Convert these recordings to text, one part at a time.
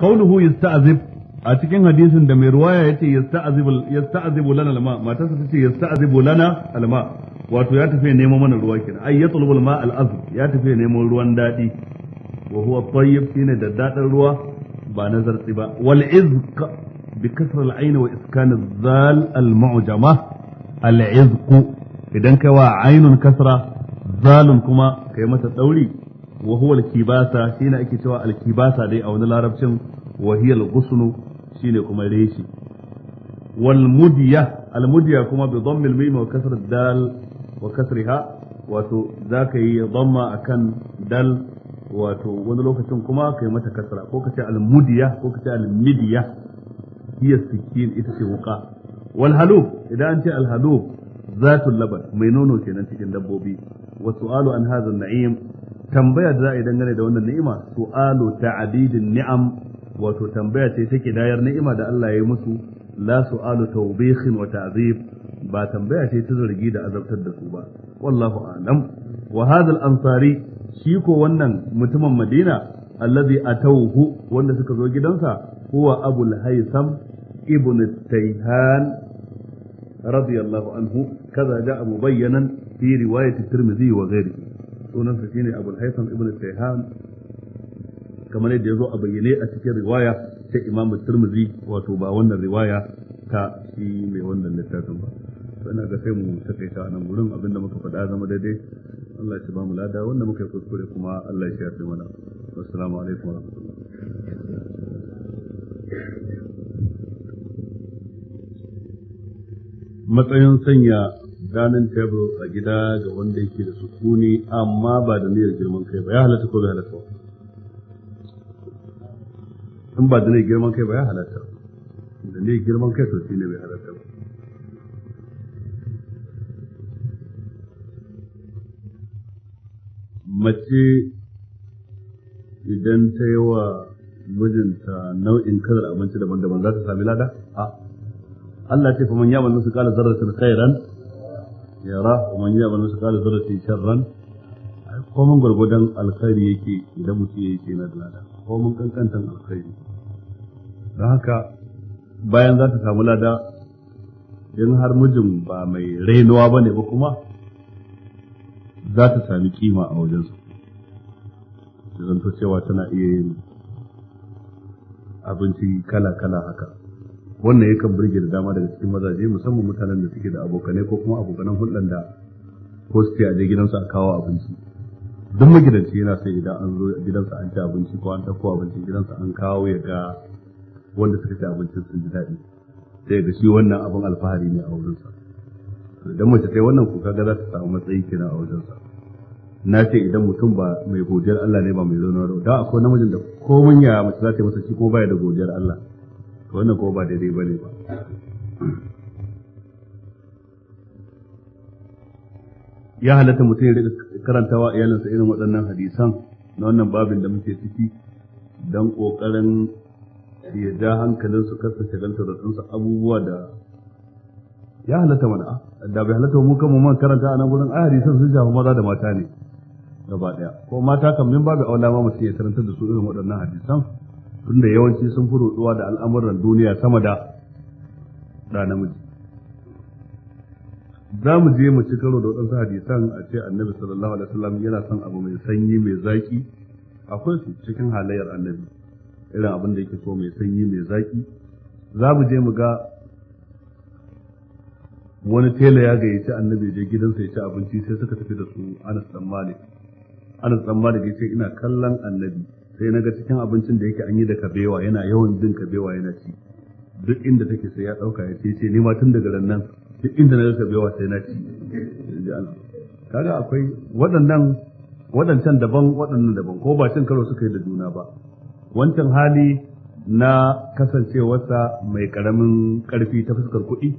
qawluhu yasta'zib a cikin hadisin da mai ruwaya yace yasta'zibu yasta'zibu lana alma matarsa tace yasta'zibu lana alma wato ya tafi neman mana ruwa kenan ai yatlubu alma alazb ya tafi neman ruwan daɗi wa huwa da daɗin ruwa ba na zartsi ba wal izq bi kasr al ayn zal al al idan kai wa kasra zalun kuma kai mata wa huwa al-kibasa shine ake cewa al-kibasa dai a wani larabcin wa hiya al-ghusnu shine kuma reshi wal mudya al mudya kuma bi dhammil mim wa kasr dal wa kasriha wato zaka yi dhamma akan dal wato wani lokacin kuma kai mata kasra ko kace al mudya ko kace al midya hiya sikin ita ce wuka wal halub idan an ce al halub zatul laban mai nono kenan cikin dabbobi wa su'alu an naim tambaya da za a yi dangane da wannan ni'ima su'alu ta'didin ni'am wato tambaya ce take dayar ni'ima da Allah ya yi musu la su'alu tawbihin wa ta'zib ba tambaya ce ta zargi da azabtar da su ba wallahu a'lam wa hadha al-ansari shi ko wannan mutumin Madina allazi atawhu wanda suka zo gidansa huwa abul haisam ibn tayhan radiyallahu anhu kaza ja'a mubayyanan fi riwayat at-tirmidhi wa ghayrihi sunansa shine abul haitham ibn sayhan kamar yadda ya zo a bayyane a cikin riwaya ta imamu turmuzi wato ba wannan riwaya ta shi mai wannan littafin ba ina ga sai mu takaita a nan gurin abinda muka faɗa zama daidai Allah ya ba mu lada wanda muka yi kuskure kuma Allah ya shafi mana assalamu alaikum wa matsayin sanya dining table a gida ga wanda yake da sukuni amma ba da niyyar girman kai ba ya halatta ko bai halatta in ba da niyyar girman kai ba ya halatta da niyyar girman kai to shine bai halatta ba mace idan ta yi wa mijinta nau'in kadar abinci daban-daban za ta sami lada? A. Allah ce fa ya manzo su kala sun khairan yara wa man ya'mal mithqala shan sharran ko gwargwadon gurgudan alkhairi yake idan mutum ya yake na lada komin mun kankantan alkhairi don haka bayan za ta samu lada in har mijin ba mai rainuwa ba ne ba kuma za ta sami kima a wajensu to cewa tana iya yin abinci kala-kala haka wannan yakan burge da dama daga cikin mazaje musamman mutanen da suke da abokanai ko kuma abokanan hulɗan da ko suke a gidansu a kawo abinci duk magidanci yana sai idan an zo gidansa an ci abinci ko an ɗauko abinci gidansa an kawo ya ga wanda suka ci abincin sun ji daɗi sai ga shi wannan abin alfahari ne a wurinsa idan mace ta wannan kuka ga za ta samu matsayi kenan a wajensa na ce idan mutum ba mai godiyar Allah ne ba mai zaune da akwai namijin da komin ya mace za ta yi masa shi kuma baya da godiyar Allah to wannan ko ba daidai bane ba ya halatta mutum ya rika karantawa iyalinsa irin waɗannan hadisan na wannan babin da muke ciki don ƙoƙarin ya ja hankalin su kasa shagalta da sunsa abubuwa da ya halatta mana da bai halatta mu kan mu man karanta a nan gurin a hadisan sun shafi maza da mata ne gaba ɗaya ko mata kan min babu aula ma mutum ya karanta da su irin waɗannan hadisan tunda yawanci sun fi ruɗuwa da al'amuran duniya sama da da namiji za mu je mu ci karo da waɗansu hadisan a ce annabi sallallahu alaihi wasallam yana son abu mai sanyi mai zaki akwai su cikin halayyar annabi irin abin da yake so mai sanyi mai zaki za mu je mu ga wani tela ya gayyaci annabi je gidansa ya ci abinci sai suka tafi da su anas dan malik anas dan malik ya ce ina kallon annabi sai na ga cikin abincin da yake an yi da kabewa yana yawan jin kabewa yana ci duk inda take sai ya dauka ya ce ni ma tun daga nan duk inda na ga kabewa sai na ci kaga akwai waɗannan waɗancan daban waɗannan daban ko ba cin karo suka yi da juna ba wancan hali na kasancewarsa mai karamin karfi ta fuskar kuɗi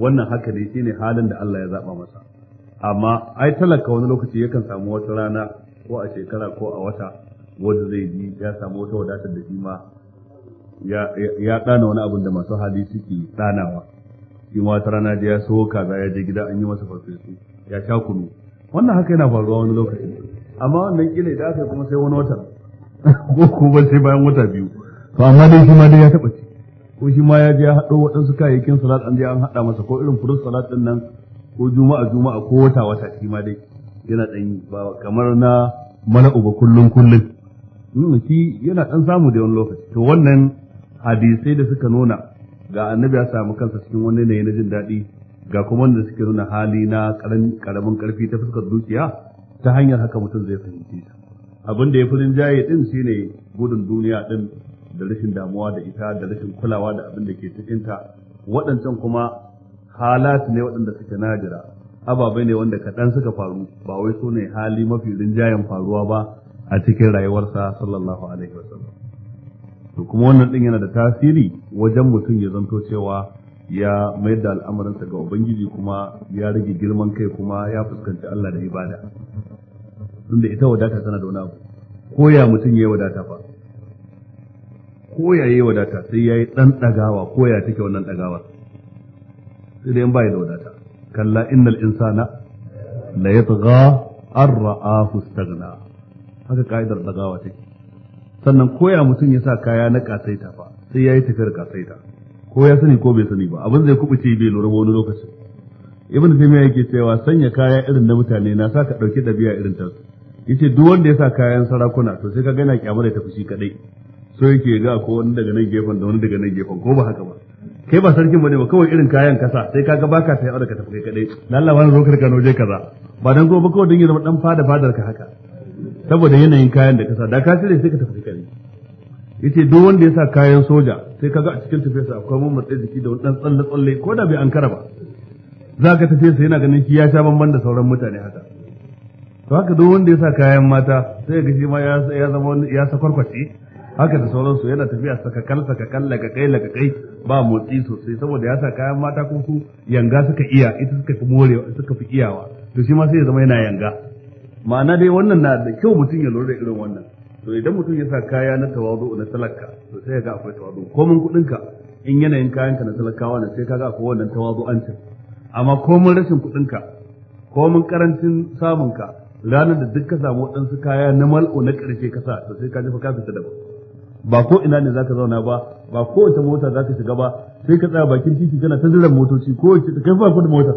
wannan haka ne shine halin da Allah ya zaba masa amma ai talaka wani lokaci yakan samu wata rana ko a shekara ko a wata wanda zai ji ya samu wata wadatar da shi ma ya ɗana wani abin da masu hali suke ɗanawa shi ma wata rana da ya so kaza ya je gida an yi masa farfesu ya sha kunu wannan haka yana faruwa wani lokaci amma wannan kila idan aka kuma sai wani wata ko kuma sai bayan wata biyu to amma dai shi ma dai ya taɓa ci ko shi ma ya je ya haɗo waɗansu kayayyakin salat an je an haɗa masa ko irin furus salat ɗin nan ko juma'a juma'a ko wata wata shi ma dai yana ɗan yi ba kamar na mala'u ba kullum kullum nuna yana ɗan samu da wani lokaci to wannan hadisai da suka nuna ga annabi ya samu kansa cikin wani yanayi na jin daɗi ga kuma wanda suke nuna hali na karamin karfi ta fuskar dukiya ta hanyar haka mutum zai fahimci ta abin da ya fi rinjaye din shine gudun duniya din da rashin damuwa da ita da rashin kulawa da abin da ke cikinta waɗancan kuma halat ne waɗanda suke najira ababai ne wanda kaɗan suka faru ba wai su ne hali mafi rinjayen faruwa ba a cikin rayuwarsa sallallahu alaihi wasallam to kuma wannan din yana da tasiri wajen mutum ya zanto cewa ya mayar da al'amuransa ga ubangiji kuma ya rage girman kai kuma ya fuskanci Allah da ibada tunda ita wadata tana da wani abu ko ya mutum yayi wadata fa ko ya yi wadata sai ya yi ɗan ɗagawa ko ya take wannan dagawa sai dai in ya da wadata kalla innal insana la yatgha ar ra'ahu istaghna haka ka'idar dagawa take sannan koya mutum ya sa kaya na kasaita fa sai ya yi tafiyar kasaita ko ya sani ko bai sani ba abin zai kubuce bai lura ba wani lokaci ibn taymiya yake cewa sanya kaya irin na mutane na sa ka ɗauki ɗabi'a irin ta yace duk wanda ya sa kayan sarakuna to sai ka ga yana kyamar da tafi shi kadai so yake ga ko wani daga nan gefen da wani daga nan gefen ko ba haka ba kai ba sarkin bane ba kawai irin kayan kasa sai kaga baka sai aure ka tafi kai kadai Na Allah wani zo ka gano kaza ba dan gobe kawai dan ya zama dan fada fadar ka haka saboda yanayin kayan da kasa da ka cire sai ka tafi kare yace duk wanda ya sa kayan soja sai kaga a cikin tafiyarsa akwai mun matsayi jiki da wani tsalle tsalle ko da bai an kara ba za ka tafi sai yana ganin shi ya sha bamban da sauran mutane haka to haka duk wanda ya sa kayan mata sai ga shi ma ya ya zama ya sakwarkwace haka da su yana tafiya sakakal kai lagakai kai ba motsi sosai saboda ya sa kayan mata ko su yanga suka iya ita suka fi morewa suka fi iyawa to shi ma sai ya zama yana yanga ma'ana dai wannan na da kyau mutum ya lura da irin wannan to idan mutum ya sa kaya na tawazu na talaka to sai ga akwai tawazu komin kudin in yanayin kayan ka na talakawa ne sai kaga akwai wannan tawazu an cin amma komin rashin kudin ka komin karancin samun ka ranar da duk ka samu waɗansu kaya na mal'o na ƙarshe ka sa to sai ka jefa ka fita da ba ko ina ne zaka zauna ba ba ko wata mota zaka shiga ba sai ka tsaya bakin titi kana ta jiran motoci ko kai ba ku da motar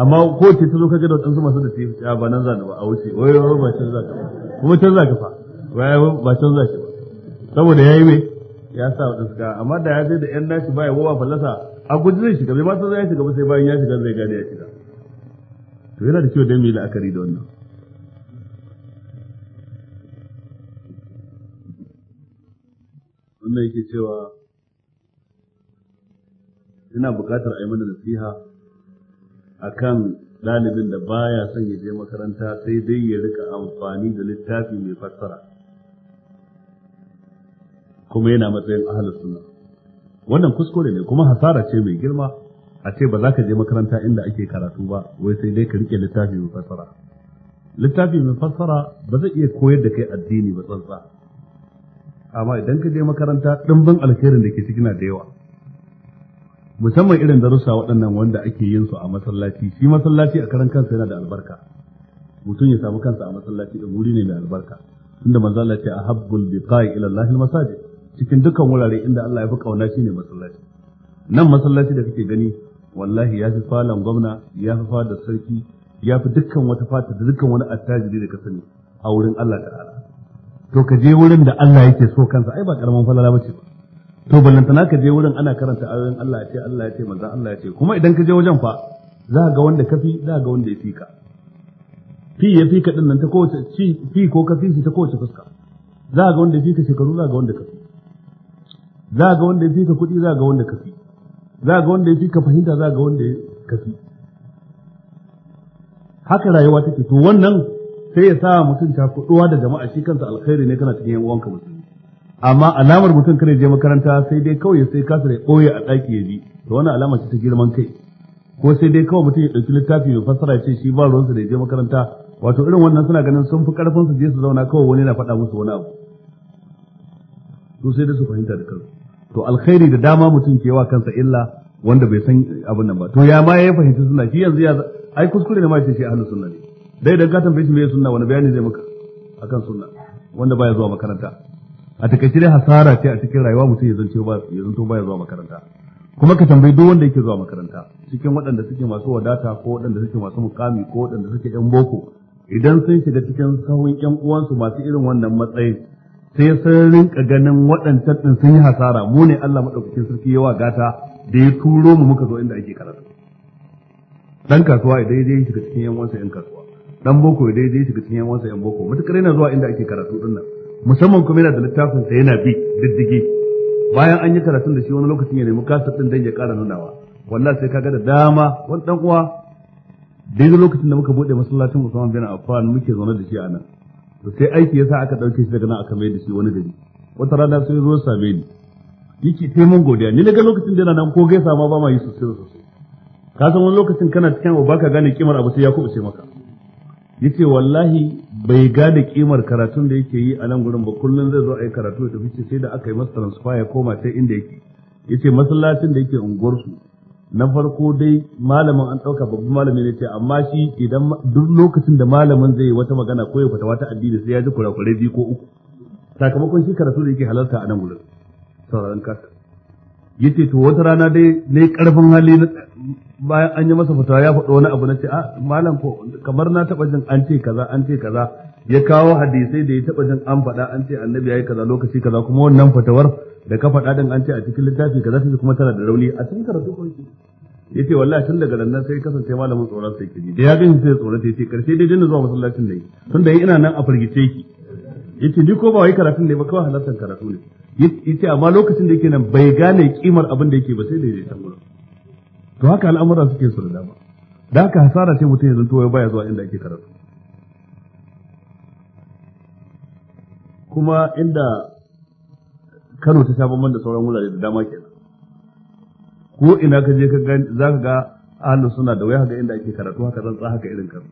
amma ko ce ta zo kaga da wadansu masu da ce ya ba nan za ba a wuce wai wai ba can za ka ba kuma can za ka fa wai ba can za ka ba saboda yayi me ya sa wadansu ka amma da ya je da yan nashi ba ya ba fallasa a guji zai shiga bai ma san zai shiga ba sai bayan ya shiga zai gane ya shiga to yana da kyau dan mu yi la'akari da wannan wannan yake cewa ina buƙatar a yi mana nasiha akan ɗalibin da baya son ya je makaranta sai dai ya rika amfani da littafi mai fassara kuma yana matsayin ahalus sunna wannan kuskure ne kuma hasara ce mai girma a ce ba za ka je makaranta inda ake karatu ba wai sai dai ka rike littafi mai fassara littafi mai fassara ba zai iya koyar da kai addini ba tsantsa amma idan ka je makaranta ɗimbin alherin da ke cikin da yawa musamman irin darussa waɗannan wanda ake yin su a masallaci shi masallaci a karan kansa yana da albarka mutum ya samu kansa a masallaci da wuri ne mai albarka tunda manzo Allah ya ce ahabbul biqa'i ila Allah masajid cikin dukkan wurare inda Allah ya fi kauna ne masallaci nan masallaci da kake gani wallahi ya fi falon gwamna ya fi fadar sarki ya fi dukkan wata fata da dukkan wani attajiri da ka sani a wurin Allah ta'ala to ka je wurin da Allah yake so kansa ai ba karaman falala bace ba to ballantana ka je wurin ana karanta ayoyin Allah ya ce Allah ya ce manzon Allah ya ce kuma idan ka je wajen fa za ga wanda kafi za ga wanda ya fi ka. fi ya ka din nan ta kowace ci fi ko kafi shi ta kowace fuska za ga wanda ya fi ka shekaru za ga wanda kafi za ga wanda ya fi ka kuɗi za ga wanda kafi za ga wanda ya fi ka fahimta za ga wanda ya kafi haka rayuwa take to wannan sai ya sa mutum ta kuɗuwa da jama'a shi kansa alkhairi ne kana cikin yan uwanka mutum amma alamar mutum kare je makaranta sai dai kawai ya sai kasa da ɓoye a ɗaki ya ji to Wani alama ce ta girman kai ko sai dai kawai mutum ya ɗauki littafi mai fassara ce shi ba ruwansa da ya je makaranta wato irin wannan suna ganin sun fi ƙarfin su je su zauna kawai wani na faɗa musu wani abu to sai dai su fahimta da kansu to alkhairi da dama mutum ke wa kansa illa wanda bai san abin nan ba to ya ma ya fahimci suna shi yanzu ya ai kuskure ne ma ce shi ahlus sunna ne dai da ka tambaye shi me sunna wani bayani zai maka akan sunna wanda baya zuwa makaranta a takaice dai hasara ce a cikin rayuwa mutum ya zance ba ya zanto ba ya zuwa makaranta kuma ka tambayi duk wanda yake zuwa makaranta cikin waɗanda suke masu wadata ko waɗanda suke masu mukami ko waɗanda suke ɗan boko idan sun shiga cikin sahun ƴan uwansu masu irin wannan matsayin, sai sun rinka ganin waɗancan ɗin sun yi hasara mu ne Allah maɗaukakin sarki yawa gata da ya turo mu muka zo inda ake karatu dan kasuwa idan ya shiga cikin ƴan uwansa yan kasuwa dan boko idan ya shiga cikin ƴan uwansa yan boko Matukar yana zuwa inda ake karatu din nan musamman kuma yana da littafin sa yana bi diddigi bayan an yi karatun da shi wani lokacin ya nemi kasar din dan ya ƙara nunawa wallahi sai kaga da dama wani dan uwa daidai lokacin da muka bude masallacin Usman bin Affan muke zaune da shi a nan to sai aiki yasa aka dauke shi daga nan aka mai da shi wani gari wata rana sai zo same ni yake sai mun godiya ni daga lokacin da yana nan ko gaisa ma ba ma yi sosai sosai ka san wani lokacin kana cikin abu baka gane kimar abu sai ya kubuce maka yace wallahi bai gane kimar karatun da yake yi a nan gurin ba kullum zai zo a yi karatu da fice sai da aka yi masa transfer ya koma sai inda yake yace masallacin da yake unguwarsu na farko dai malamin an ɗauka babban malami ne ce amma shi idan duk lokacin da malamin zai yi wata magana ko ya wata addini sai ya ji kurakurai biyu ko uku sakamakon shi karatu da yake halarta a nan gurin sauraron kasa yace to wata rana dai ne karfin hali bayan an yi masa fatawa ya faɗo wani abu na ce a ah, malam ko kamar na taɓa jin an ce kaza an ce kaza ya kawo hadisai da ya taɓa jin an faɗa an ce annabi ya yi kaza lokaci kaza kuma wannan fatawar da ka faɗa din an ce a cikin littafi kaza sai kuma tana da rauni a cikin karatu ko yake yace wallahi tun daga nan sai kasance malamin tsoron sai kiji da ya gani sai tsoron sai ce karshe dai dinna zuwa masallacin da yi tun da ina nan a firgice ki yace ni ko ba wai karatun ne ba kawai halartar karatu ne yace amma lokacin da yake nan bai gane kimar abin da yake ba sai da ya ta gurin to haka al'amuran suke su da dama da haka hasara ce mutum ya zanto ya baya zuwa inda ake karatu kuma inda Kano ta sha bamban da sauran wurare da dama kenan ko ina ka je ka za ka ga ahlus suna da wai haka inda ake karatu haka zan tsaya haka irin Kano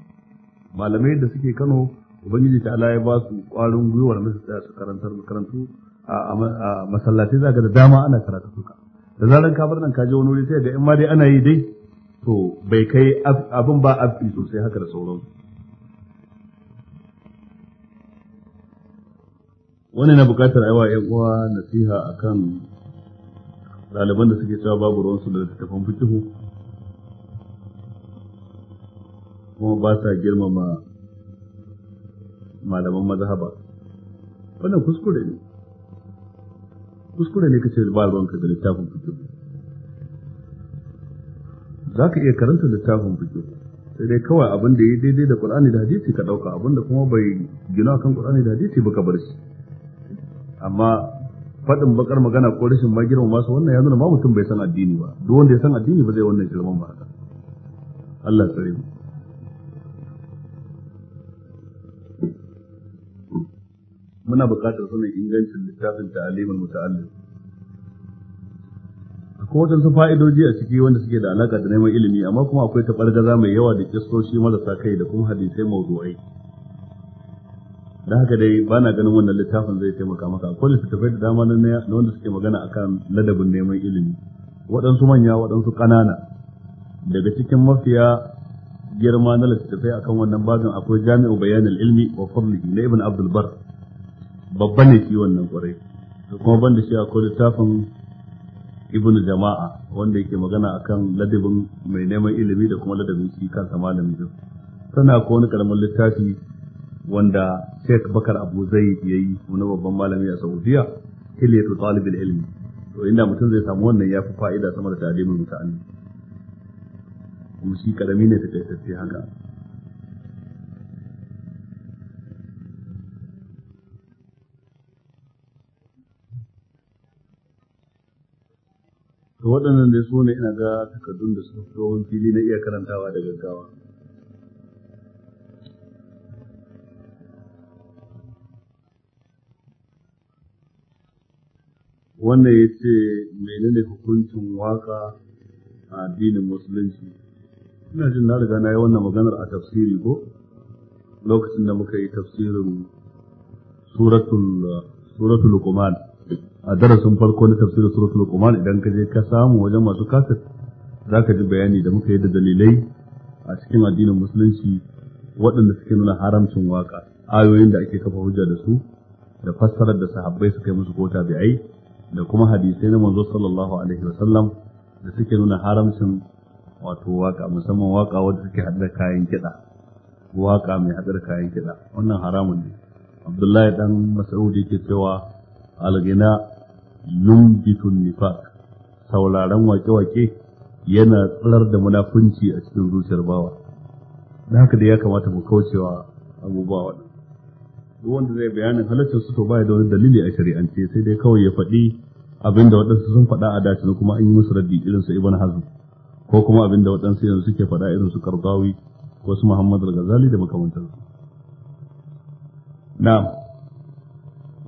malamai da suke Kano ubangiji ta Allah ya ba su ƙwarin gwiwar da su tsaya su karantar a masallatai za ga da dama ana karatu suka da zaran ka nan ka je wani wuri sai ga in ma dai ana yi dai to bai kai abin ba abdi sosai haka da sauransu wani na bukatar aiwa yan uwa nasiha a kan ɗaliban da suke cewa babu ruwansu da littattafan fitihu kuma ba sa girmama malaman mazhaba wannan kuskure ne kuskure ne kace ba ka da littafin fiqh za ka iya karanta littafin fiqh sai dai kawai abin da ya daidai da Qur'ani da hadisi ka dauka abin da kuma bai gina kan Qur'ani da hadisi ba ka bar shi amma faɗin bakar magana ko rashin ma girma masa wannan ya nuna ma mutum bai san addini ba duk wanda ya san addini ba zai wannan girman ba haka Allah tsare mu muna buƙatar sanin ingancin littafin ta'alimul muta'allim akwai su fa'idoji a ciki wanda suke da alaƙa da neman ilimi amma kuma akwai tabargaza mai yawa da kistoshi marasa kai da kuma hadisai mawdu'ai da haka dai ba na ganin wannan littafin zai taimaka maka akwai littattafai da dama na wanda suke magana akan ladabin neman ilimi waɗansu manya waɗansu ƙanana daga cikin mafiya girma na littattafai akan wannan babin akwai jami'u bayanin ilmi wa fadlihi na ibn abdul bar Babban ne shi wannan kwarai da kuma ban da shi akwai littafin ibn jama'a wanda yake magana akan ladabin mai neman ilimi da kuma ladabin shi kan malami din sana ko wani karamin littafi wanda Sheikh Bakar Abu Zaid yayi wani babban malami a Saudiya hilyatu talibul ilmi to inda mutum zai samu wannan ya fi fa'ida sama da talibin mutane, kuma shi karami ne ta kai haka to waɗannan dai su ne ina ga takardun da suka fito wani fili na iya karantawa da gaggawa wannan ya ce menene hukuncin waka a addinin musulunci ina jin na riga na yi wannan maganar a tafsiri ko lokacin da muka yi tafsirin suratul suratul a darasin farko na tafsir tafsirin suratul quran idan ka je ka samu wajen masu kasat zaka ji bayani da muka yi da dalilai a cikin addinin musulunci waɗanda suke nuna haramcin waka ayoyin da ake kafa hujja da su da fassarar da sahabbai suka yi musu ko tabi'ai da kuma hadisai na manzo sallallahu alaihi wa sallam da suke nuna haramcin wato waka musamman waka wanda suke haɗa kayan kiɗa waka mai haɗar kayan kiɗa wannan haramun ne abdullahi dan mas'ud yake cewa alghina ghina yumbitu nifaq sauraron wake-wake yana tsirar da munafunci a cikin zuciyar bawa da haka da ya kamata mu kaucewa abubuwa waɗanda duk wanda zai bayanin halaccin su to baya da wani dalili a shari'ance sai dai kawai ya faɗi abin da waɗansu sun faɗa a dace kuma an yi musu raddi irin su ibn hazm ko kuma abin da waɗansu yanzu suke faɗa irin su karbawi ko su muhammad al-ghazali da makamantansu na'am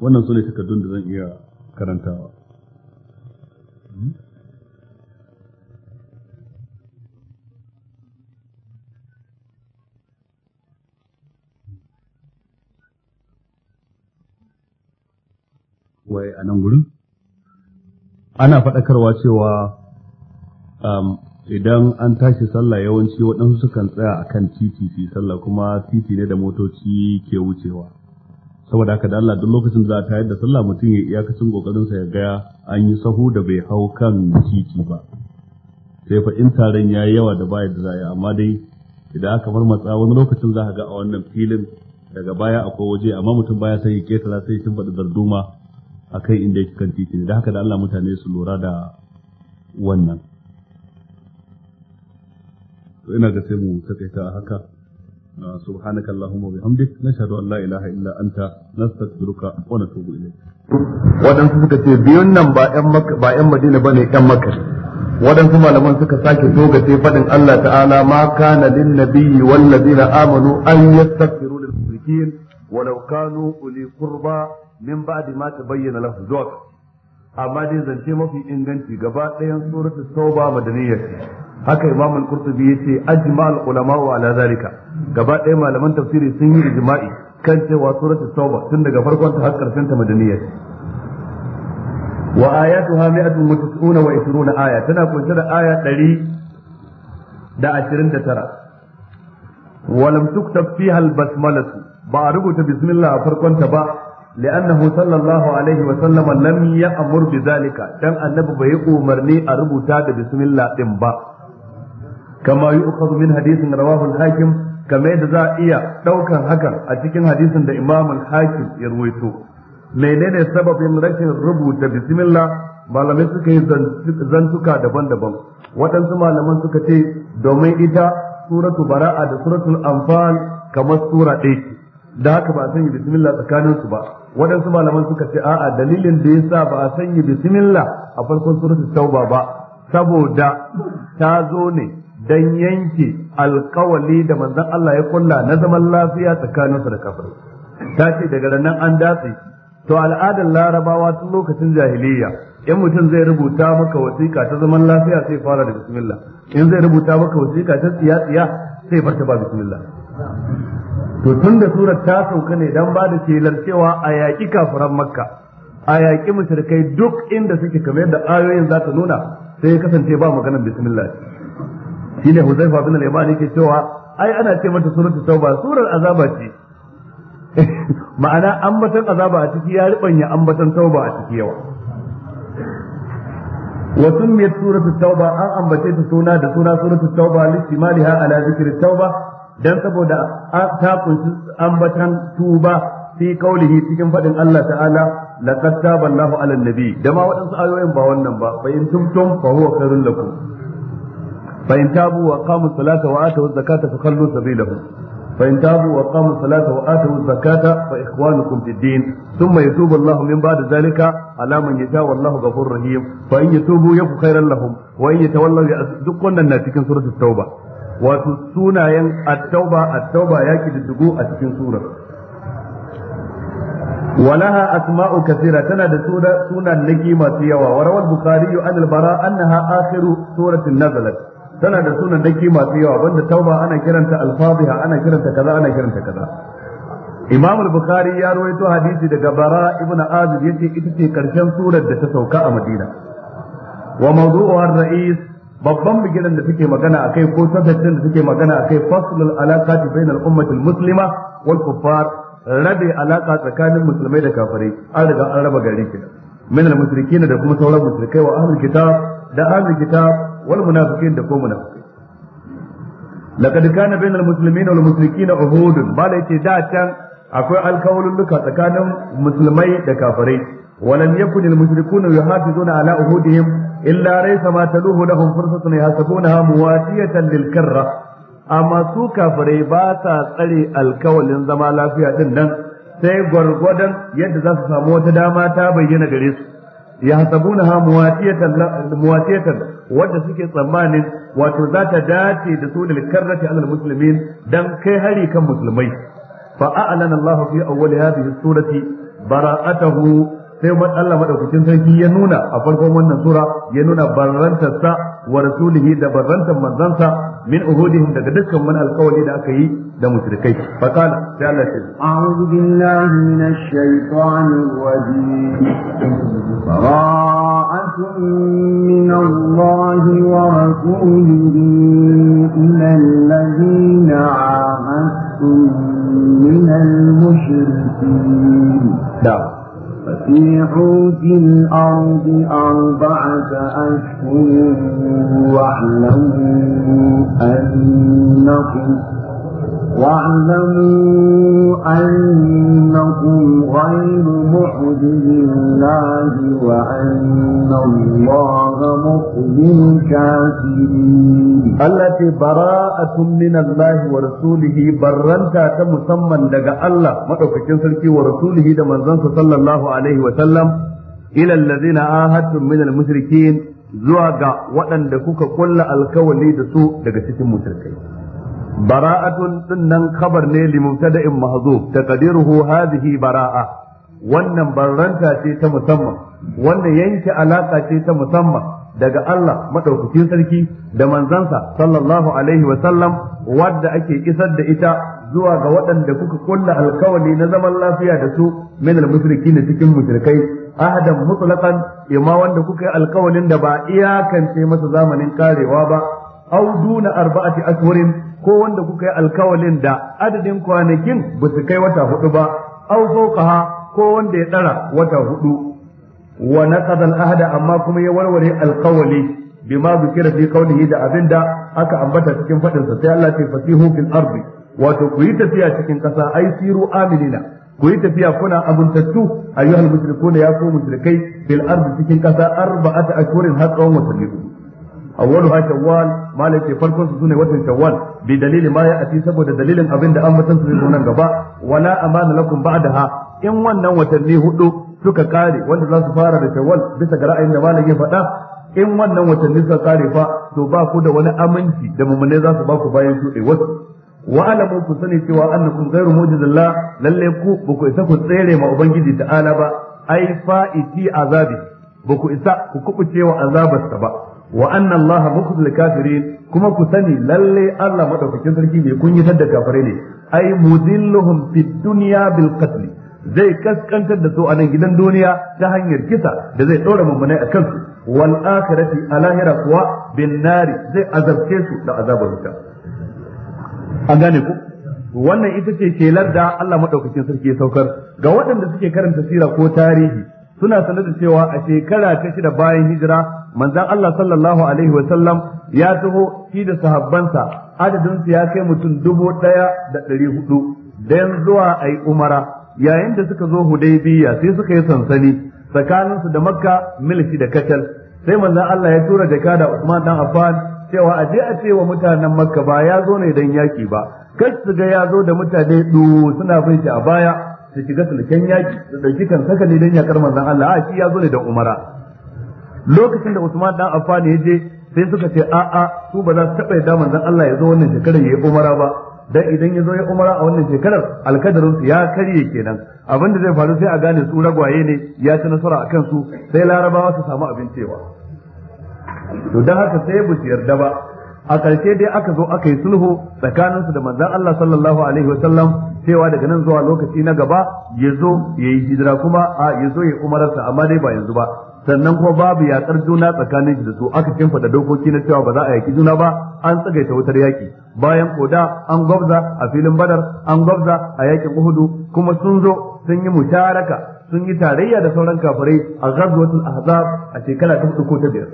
wannan su ne takardun da zan iya karantawa a nan gurin ana faɗakarwa cewa um, idan an tashi sallah yawanci waɗansu sukan tsaya akan kan titi su sallah kuma titi ne da motoci ke wucewa saboda haka da Allah duk lokacin da za a tayar da sallah mutum ya iyakacin kokarin sa ya ga an yi sahu da bai hau kan titi ba sai fa in taron ya yi yawa da baya da za a yi amma dai idan aka bar matsa wani lokacin za ka ga a wannan filin daga baya akwai waje amma mutum baya sai ya ketara sai ya faɗi darduma a kai inda yake kan titi da haka da Allah mutane su lura da wannan to ina ga sai mu takaita a haka سبحانك اللهم وبحمدك نشهد ان لا اله الا انت نستغفرك ونتوب اليك waɗansu suka ce biyun nan ba ƴan maka ba ƴan madina bane ƴan maka waɗansu malaman suka sake toga sai faɗin Allah ta'ala ma kana lin nabiyyi wal ladina amanu an yastaghfiru lil mushrikin walau kanu uli qurba min ba'di ma tabayyana lahu zuwa amma dai zance mafi inganci gaba ɗayan suratul tauba madaniyya haka imam al-qurtubi yace ajma al-ulama ala zalika gaba ɗaya malaman tafsiri sun yi ijma'i kan cewa suratul tauba tun daga farkon ta har karshen ta madaniyya wa ayatuha mi'atun wa wa aya tana kunshe da aya 129 wa lam tuktab fiha al ba a rubuta bismillah a farkon ta ba لأنه صلى الله عليه وسلم لم يأمر بذلك دم النبي بي أمرني أربو تاد بسم الله إمبا كما يؤخذ من حديث رواه الحاكم kamar da za a iya ɗaukan hakan a cikin hadisin da al hakim ya ruwaito menene sababin rashin rubuta bismillah malamai suka yi zantuka daban-daban waɗansu malaman suka ce domin ita suratu bara'a da suratul anfal kamar sura ɗaya ce da haka ba a sanya bismillah tsakanin su ba waɗansu malaman suka ce a'a dalilin da yasa ba a sanya bismillah a farkon suratul tauba ba saboda ta zo ne dan yanke alkawali da manzon Allah ya kulla na zaman lafiya tsakaninsa da kafir ta ce daga nan an datse to al'adar larabawa tun lokacin jahiliya in mutum zai rubuta maka wasiƙa ta zaman lafiya sai fara da bismillah in zai rubuta maka wasiƙa ta tsiya tsiya sai farta ba bismillah to tun da surar ta sauka ne dan ba da tilar cewa a yaƙi kafiran makka a yaƙi mushrikai duk inda suke kamar yadda ayoyin za ta nuna sai ya kasance ba maganar bismillah shine Huzaifa bin al-Yaman yake cewa ai ana ce mata suratu tauba surar azaba ce ma'ana ambatan azaba a ciki ya ribanya ambatan tauba a ciki yawa wa summiyat suratu tauba an ambace ta suna da suna suratu tauba listimaliha ala zikri tauba dan saboda ta kunshi ambatan tuba fi kaulihi cikin faɗin Allah ta'ala laqad taballahu ala 'alan nabi Dama ma waɗansu ayoyin ba wannan ba fa in tumtum fa huwa khairul lakum fa in tabu wa qamu zakata fa khallu sabilahum fa in tabu wa qamu zakata fa ikhwanukum fid din thumma yatubu Allahu min ba'di zalika ala man yasha wallahu ghafurur rahim fa in yatubu yaku khairan lahum wa in yatawallaw duk wannan na cikin tauba wato sunayen at-tauba at-tauba yaki diddigo a cikin surar ولها أسماء كثيرة تنا سورة سورة نجي وروى البخاري عن البراء أنها آخر سورة نزلت tana da sunan daki masu yawa banda tauba ana kiranta alfaziha ana kiranta kaza ana kiranta kaza Imam al-Bukhari ya rawaito hadisi daga Bara ibn Azib yace ita ce karshen surar da ta sauka a Madina wa mawdu'u ar-ra'is babban bigiran da take magana akai ko tabbacin da take magana akai faslul alaqati bainal ummati al-muslima wal kuffar rabi alaka tsakanin musulmai da kafirai an riga an raba gari kenan min al da kuma sauran mushrikai wa ahlul kitab da ahlul kitab wal munafiqin da ko munafiqai laqad kana bainal muslimin wal mushrikin uhudun bala yace da can akwai alkawalulluka tsakanin musulmai da kafirai walam yakun al mushrikuna yuhafizuna ala luhu na raysa ma taluhu lahum fursatun yahsabunaha muwatiyatan lil karra amma su kafirai ba sa tsare alkawalin zama lafiya din nan sai gwargwadon yadda za su samu wata dama ta bayyana gare su ya hasabuna ha muwatiyatan wanda suke tsammanin wato za ta dace da su da karrati alal muslimin dan kai hari kan musulmai fa a'lana Allah fi awwal hadhihi surati bara'atahu sai Allah madaukakin sarki ya nuna a farkon wannan sura ya nuna barrantarsa wa rasulihi da barrantar manzansa min uhudihim daga dukkan wani alkawari da aka yi da mushrikai fa kana sai Allah ya a'udhu billahi minash shaitanir rajim ra'atun min Allah wa rasulihi ila alladhina 'ahadtum min al-mushrikeen da في حوت الأرض أربعة أشهر واعلموا أنكم واعلموا أنكم غير محجز الله وأن الله مخزي الكافرين التي براءة من الله ورسوله برنتا كمسمى لك الله ما توفكين ورسوله دمزنس صلى الله عليه وسلم إلى الذين آهدتم من المشركين zuwa وأن لكوك كل الكواليد سوء لك ستم مشركين براءة din kabar ne مهضوب تقديره هذه براءة hadhihi bara'a wannan مسمى ce ta musamman wannan yanke alaka ce ta musamman daga Allah madaukakin sarki da manzansa sallallahu alaihi wa sallam wadda ake isar da ita zuwa ga waɗanda kuka kulla alkawali na zaman lafiya da su min almusriki na cikin mushrikai ahadan mutlaqan imma wanda kuka yi alkawalin da ba iyakance masa zamanin karewa ba au duna arba'ati ashhurin ko wanda kuka yi alkawalin da adadin kwanakin ba su kai wata hudu ba au fawqaha ko wanda ya tsara wata hudu wa naqada al-ahda amma kuma ya warware alkawali bima zikira fi qawlihi da abinda aka ambata cikin fadin sa sai Allah ya fasihu fil ardi wato ku yi tafiya cikin kasa ai siru Aminina? ku yi tafiya kuna abuntattu ayyuhal mushrikuna ya ku mushrikai Bil ardi cikin kasa arba'ata ashhurin har tsawon watanni awwaluha shawwal malaki farkon su sune watan shawwal bi dalili ma ya ati saboda dalilin abinda an matan su zai nan gaba wala amana lakum ba'daha in wannan watanni hudu suka kare wanda za su fara da shawwal bisa ga ra'ayin da malaki ya faɗa in wannan watanni suka kare fa to ba ku da wani aminci da mummune za su ba ku bayan shuɗe wasu wa alamu ku sani cewa annakum ghairu mujizillah lalle ku ba ku isa ku tsere ma ubangiji ta'ala ba ai fa'iti azabi ba ku isa ku kubuce wa azabarsa ba wa anna allaha mukhzil kafirin kuma ku sani lalle Allah madaukakin sarki mai kunyatar da kafari ne ai mudilluhum fid dunya bil qatl zai kaskantar da su a nan gidan duniya ta hanyar kisa da zai dora mummunai a kansu wal akhirati alahira kuwa bin nari zai azabce su da azabar wuta an gane ku wannan ita ce shelar da Allah madaukakin sarki ya saukar ga waɗanda suke karanta sira ko tarihi suna sanar da cewa a shekara ta shida bayan hijira Manzan Allah sallallahu alaihi wa sallam ya taho shi da sahabbansa adadin su ya kai mutum dubu ɗaya da ɗari hudu dan zuwa ai umara yayin da suka zo hudaybiya sai suka yi sansani tsakaninsu da makka milki da kacal sai manzan Allah ya tura jaka da Usman dan Affan cewa aje a ce wa mutanen makka ba ya zo ne dan yaki ba kai su ga ya zo da mutane du suna bin a baya su shiga sulken yaki su dauki kan saka ne dan yakar manzan Allah a shi ya zo ne da umara lokacin da Usman dan Affan ya je sai suka ce a'a su ba za su taɓa yadda manzon Allah ya zo wannan shekarar ya yi umara ba dan idan ya zo ya umara a wannan shekarar alkadarin ya karye kenan abin da zai faru sai a gane su ragwaye ne ya ci nasara a kansu sai larabawa su samu abin cewa to dan haka sai ya buci yarda ba a ƙarshe dai aka zo aka yi sulhu tsakanin su da manzon Allah sallallahu alaihi wa sallam cewa daga nan zuwa lokaci na gaba ya zo ya yi hijira kuma a ya zo ya umararsa amma dai ba yanzu ba sannan kuma babu yatsar juna tsakanin shi da su aka kin fada dokoki na cewa ba za a yaƙi juna ba an tsagaita wutar yaki bayan koda an gwabza a filin badar an gwabza a yaƙin uhudu kuma sun zo sun yi mutaraka sun yi tarayya da sauran kafirai a ghazwatul ahzab a shekara ta hudu ko ta biyar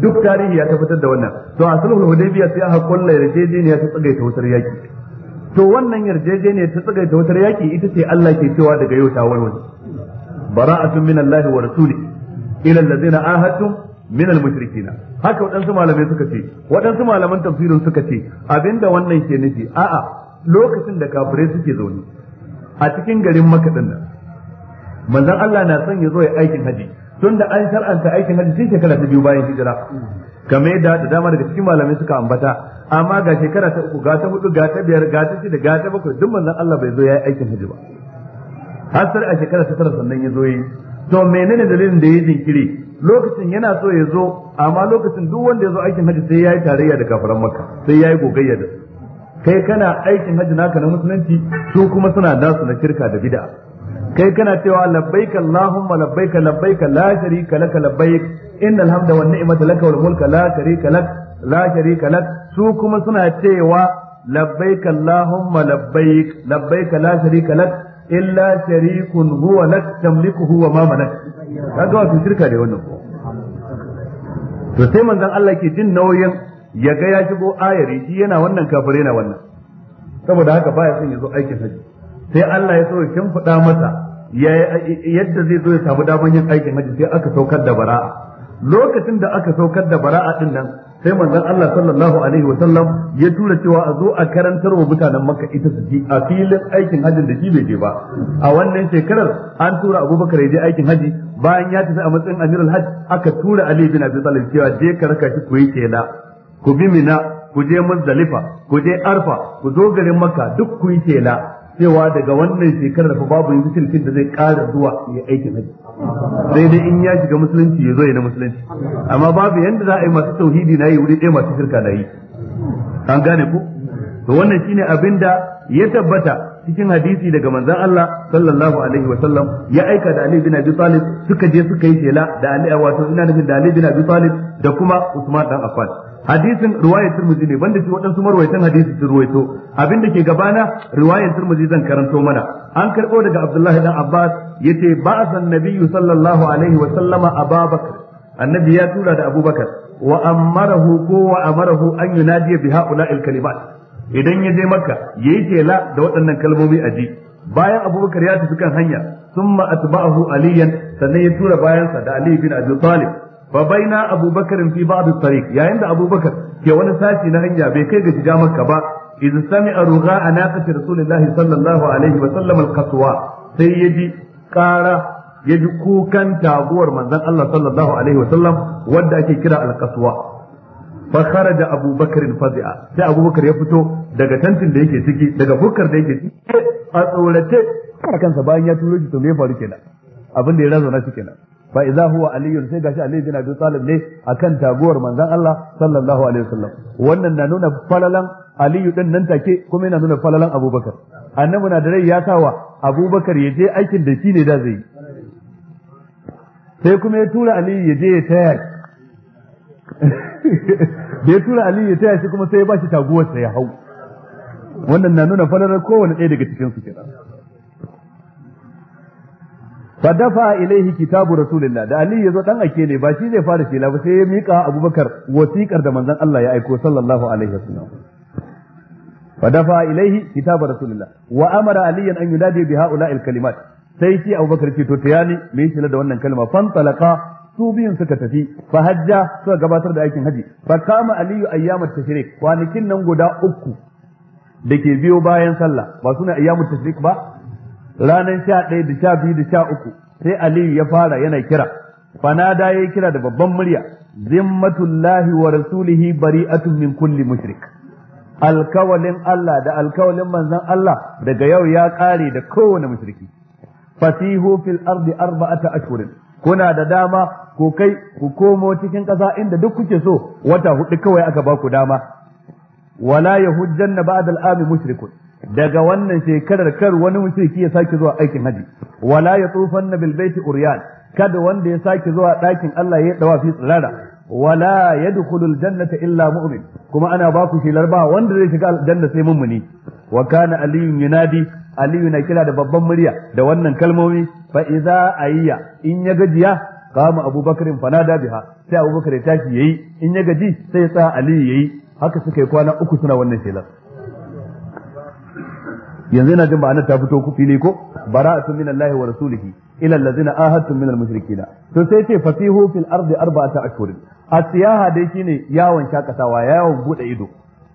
duk tarihi ya tabbatar da wannan to a sulhul hudaybiya sai aka kulla yarjejeniya ta tsagaita wutar yaki to wannan yarjejeniya ta tsagaita wutar yaki ita ce Allah ke cewa daga yau ta warware bara'atun minallahi Allah wa rasulihi ila allazina ahadtum min al-mushrikina haka waɗansu malamai suka ce waɗansu malaman tafsirin suka ce abinda wannan ke nufi a'a lokacin da kafirai suke zaune a cikin garin Makka din nan manzon Allah na son ya zo ya aikin haji tunda an shar'anta aikin haji tun shekara ta biyu bayan hijira kamar yadda da dama daga cikin malamai suka ambata amma ga shekara ta uku ga ta hudu ga ta biyar ga ta shida ga ta bakwai duk manzon Allah bai zo ya yi aikin haji ba har sai a shekara ta tara sannan ya zo yi to menene dalilin da ya jinkiri lokacin yana so ya zo amma lokacin duk wanda ya zo aikin haji sai ya yi tarayya da kafaran maka sai ya yi gogayya da su kai kana aikin haji naka na musulunci su kuma suna nasu na shirka da bid'a kai kana cewa labbaik allahumma labbaik labbaik la sharika lak labbaik innal hamda wan ni'mata lak wal mulka la sharika lak la sharika lak su kuma suna cewa labbaik allahumma labbaik labbaik la sharika lak illa sharikun huwa lak tamliku huwa ma malak kaga wato shirka da wannan ko to sai manzon Allah ke jin nauyin ya ga ya shigo ayari shi yana wannan kafir yana wannan saboda haka baya son ya zo aikin haji sai Allah ya so ya fada masa yadda zai zo ya samu daman yin aikin haji sai aka saukar da bara'a lokacin da aka saukar da bara'a din nan sai manzon Allah sallallahu alaihi wa sallam ya tura cewa a zo a karantar wa mutanen Makka ita su a filin aikin hajjin da shi bai je ba a wannan shekarar an tura Abubakar ya je aikin haji bayan ya tafi a matsayin Amirul Hajj aka tura Ali bin Abi Talib cewa je ka raka shi ku yi kenan ku bi Mina ku je Muzdalifa ku je Arfa ku zo garin Makka duk ku yi kenan cewa daga wannan shekarar fa babu yanzu da zai ƙara zuwa ya aiki haji sai dai in ya shiga musulunci ya zo ya na musulunci amma babu yanda za a yi masu tauhidi na yi wuri ɗaya masu shirka na yi an gane ku to wannan shine abin da ya tabbata cikin hadisi daga manzon Allah sallallahu alaihi wa sallam ya aika da Ali bin Abi Talib suka je suka yi shela da Ali wato ina nufin da Ali bin Abi da kuma Usman dan Affan hadisin riwayar turmuzi ne banda shi waɗansu marwaitan hadisi sun ruwaito abinda ke gabana riwayar turmuzi zan karanto mana an karɓo daga abdullahi dan abbas yace ba'asa nabiyyu sallallahu alaihi wa sallama ababakar annabi ya tura da abubakar wa amarahu ko wa amarahu an yunadiya bi ha'ula'il kalimat idan ya je makka yayi tela da waɗannan kalmomi a ji bayan abubakar ya tafi kan hanya summa atba'ahu aliyan sannan ya tura bayansa da ali bin abi talib fa baina abubakar fi ba'd at-tariq yayin da abubakar ke wani sashi na hanya bai kai ga shiga makka ba iz sami'a ruga'a anaqati rasulillahi sallallahu alaihi wa sallam al-qaswa sai yaji qara yaji kukan taguwar manzon Allah sallallahu alaihi wa sallam wanda ake kira al-qaswa fa kharaja abubakar fazi'a sai abubakar ya fito daga tantin da yake ciki daga bukkar da yake ciki a tsorace kansa bayan ya turo shi to me faru kenan abin da ya razana shi kenan fa idza huwa aliyun sai gashi ali bin abi talib ne akan taguwar manzon Allah sallallahu alaihi wasallam wannan na nuna falalan aliyu din nan take kuma yana nuna falalan abubakar annabi na da rai ya tawa abubakar ya je aikin da shi ne da zai sai kuma ya tura aliyu ya je ya taya da ya tura aliyu ya taya shi kuma sai ya bashi taguwar sai ya hau wannan na nuna falalar kowane ɗaya daga cikin su kenan fa dafa ilaihi kitabu rasulillah da ali yazo dan ake ne ba shi zai fara shela ba sai ya mika abubakar wasikar da manzon Allah ya aiko sallallahu alaihi wasallam fa dafa ilaihi kitabu rasulillah wa amara aliyan an yunadi bi haula al kalimat sai shi abubakar ce to tayani me shi da wannan kalma fan talaqa su biyun suka tafi fa hajja suka gabatar da aikin haji fa kama aliyu ayyamat tashrik kwanakin nan guda uku da ke biyo bayan sallah ba suna ayyamu tashrik ba ranar sha ɗaya da sha biyu da sha uku sai aliyu ya fara yana kira fanada ya kira da babban murya zimmatullahi wa rasulihi bari'atun min kulli mushrik alkawalin Allah da alkawalin manzon Allah daga yau ya ƙare da kowane mushriki fasihu fil ardi arba'ata ashhurin kuna da dama ku kai ku komo cikin ƙasa inda duk kuke so wata hudu kawai aka ba ku dama wala yahujjanna ba'dal ami mushrikun daga wannan shekarar kar wani mushriki ya sake zuwa aikin haji wala ya tsufanna bil baiti uryan kada wanda ya sake zuwa ɗakin Allah ya dawa fi tsirara wala yadkhulu al jannata illa mu'min kuma ana ba ku shelar ba wanda zai shiga aljanna sai mummuni wa kana aliyun yunadi aliyu na kira da babban murya da wannan kalmomi fa idza ayya in ya gajiya kama abubakar fanada biha sai abubakar ya tashi yayi in ya gaji sai ya tsaya aliyu yayi haka suka yi kwana uku suna wannan shelar yanzu ina jin ba'anar ta fito ku fili ko bara'atun min Allah wa rasulihi ila allazina ahadtum min al-mushrikeena to sai ce fasihu fil ardi arba'ata ashhurin asiyaha dai shine yawon shakatawa yawon bude ido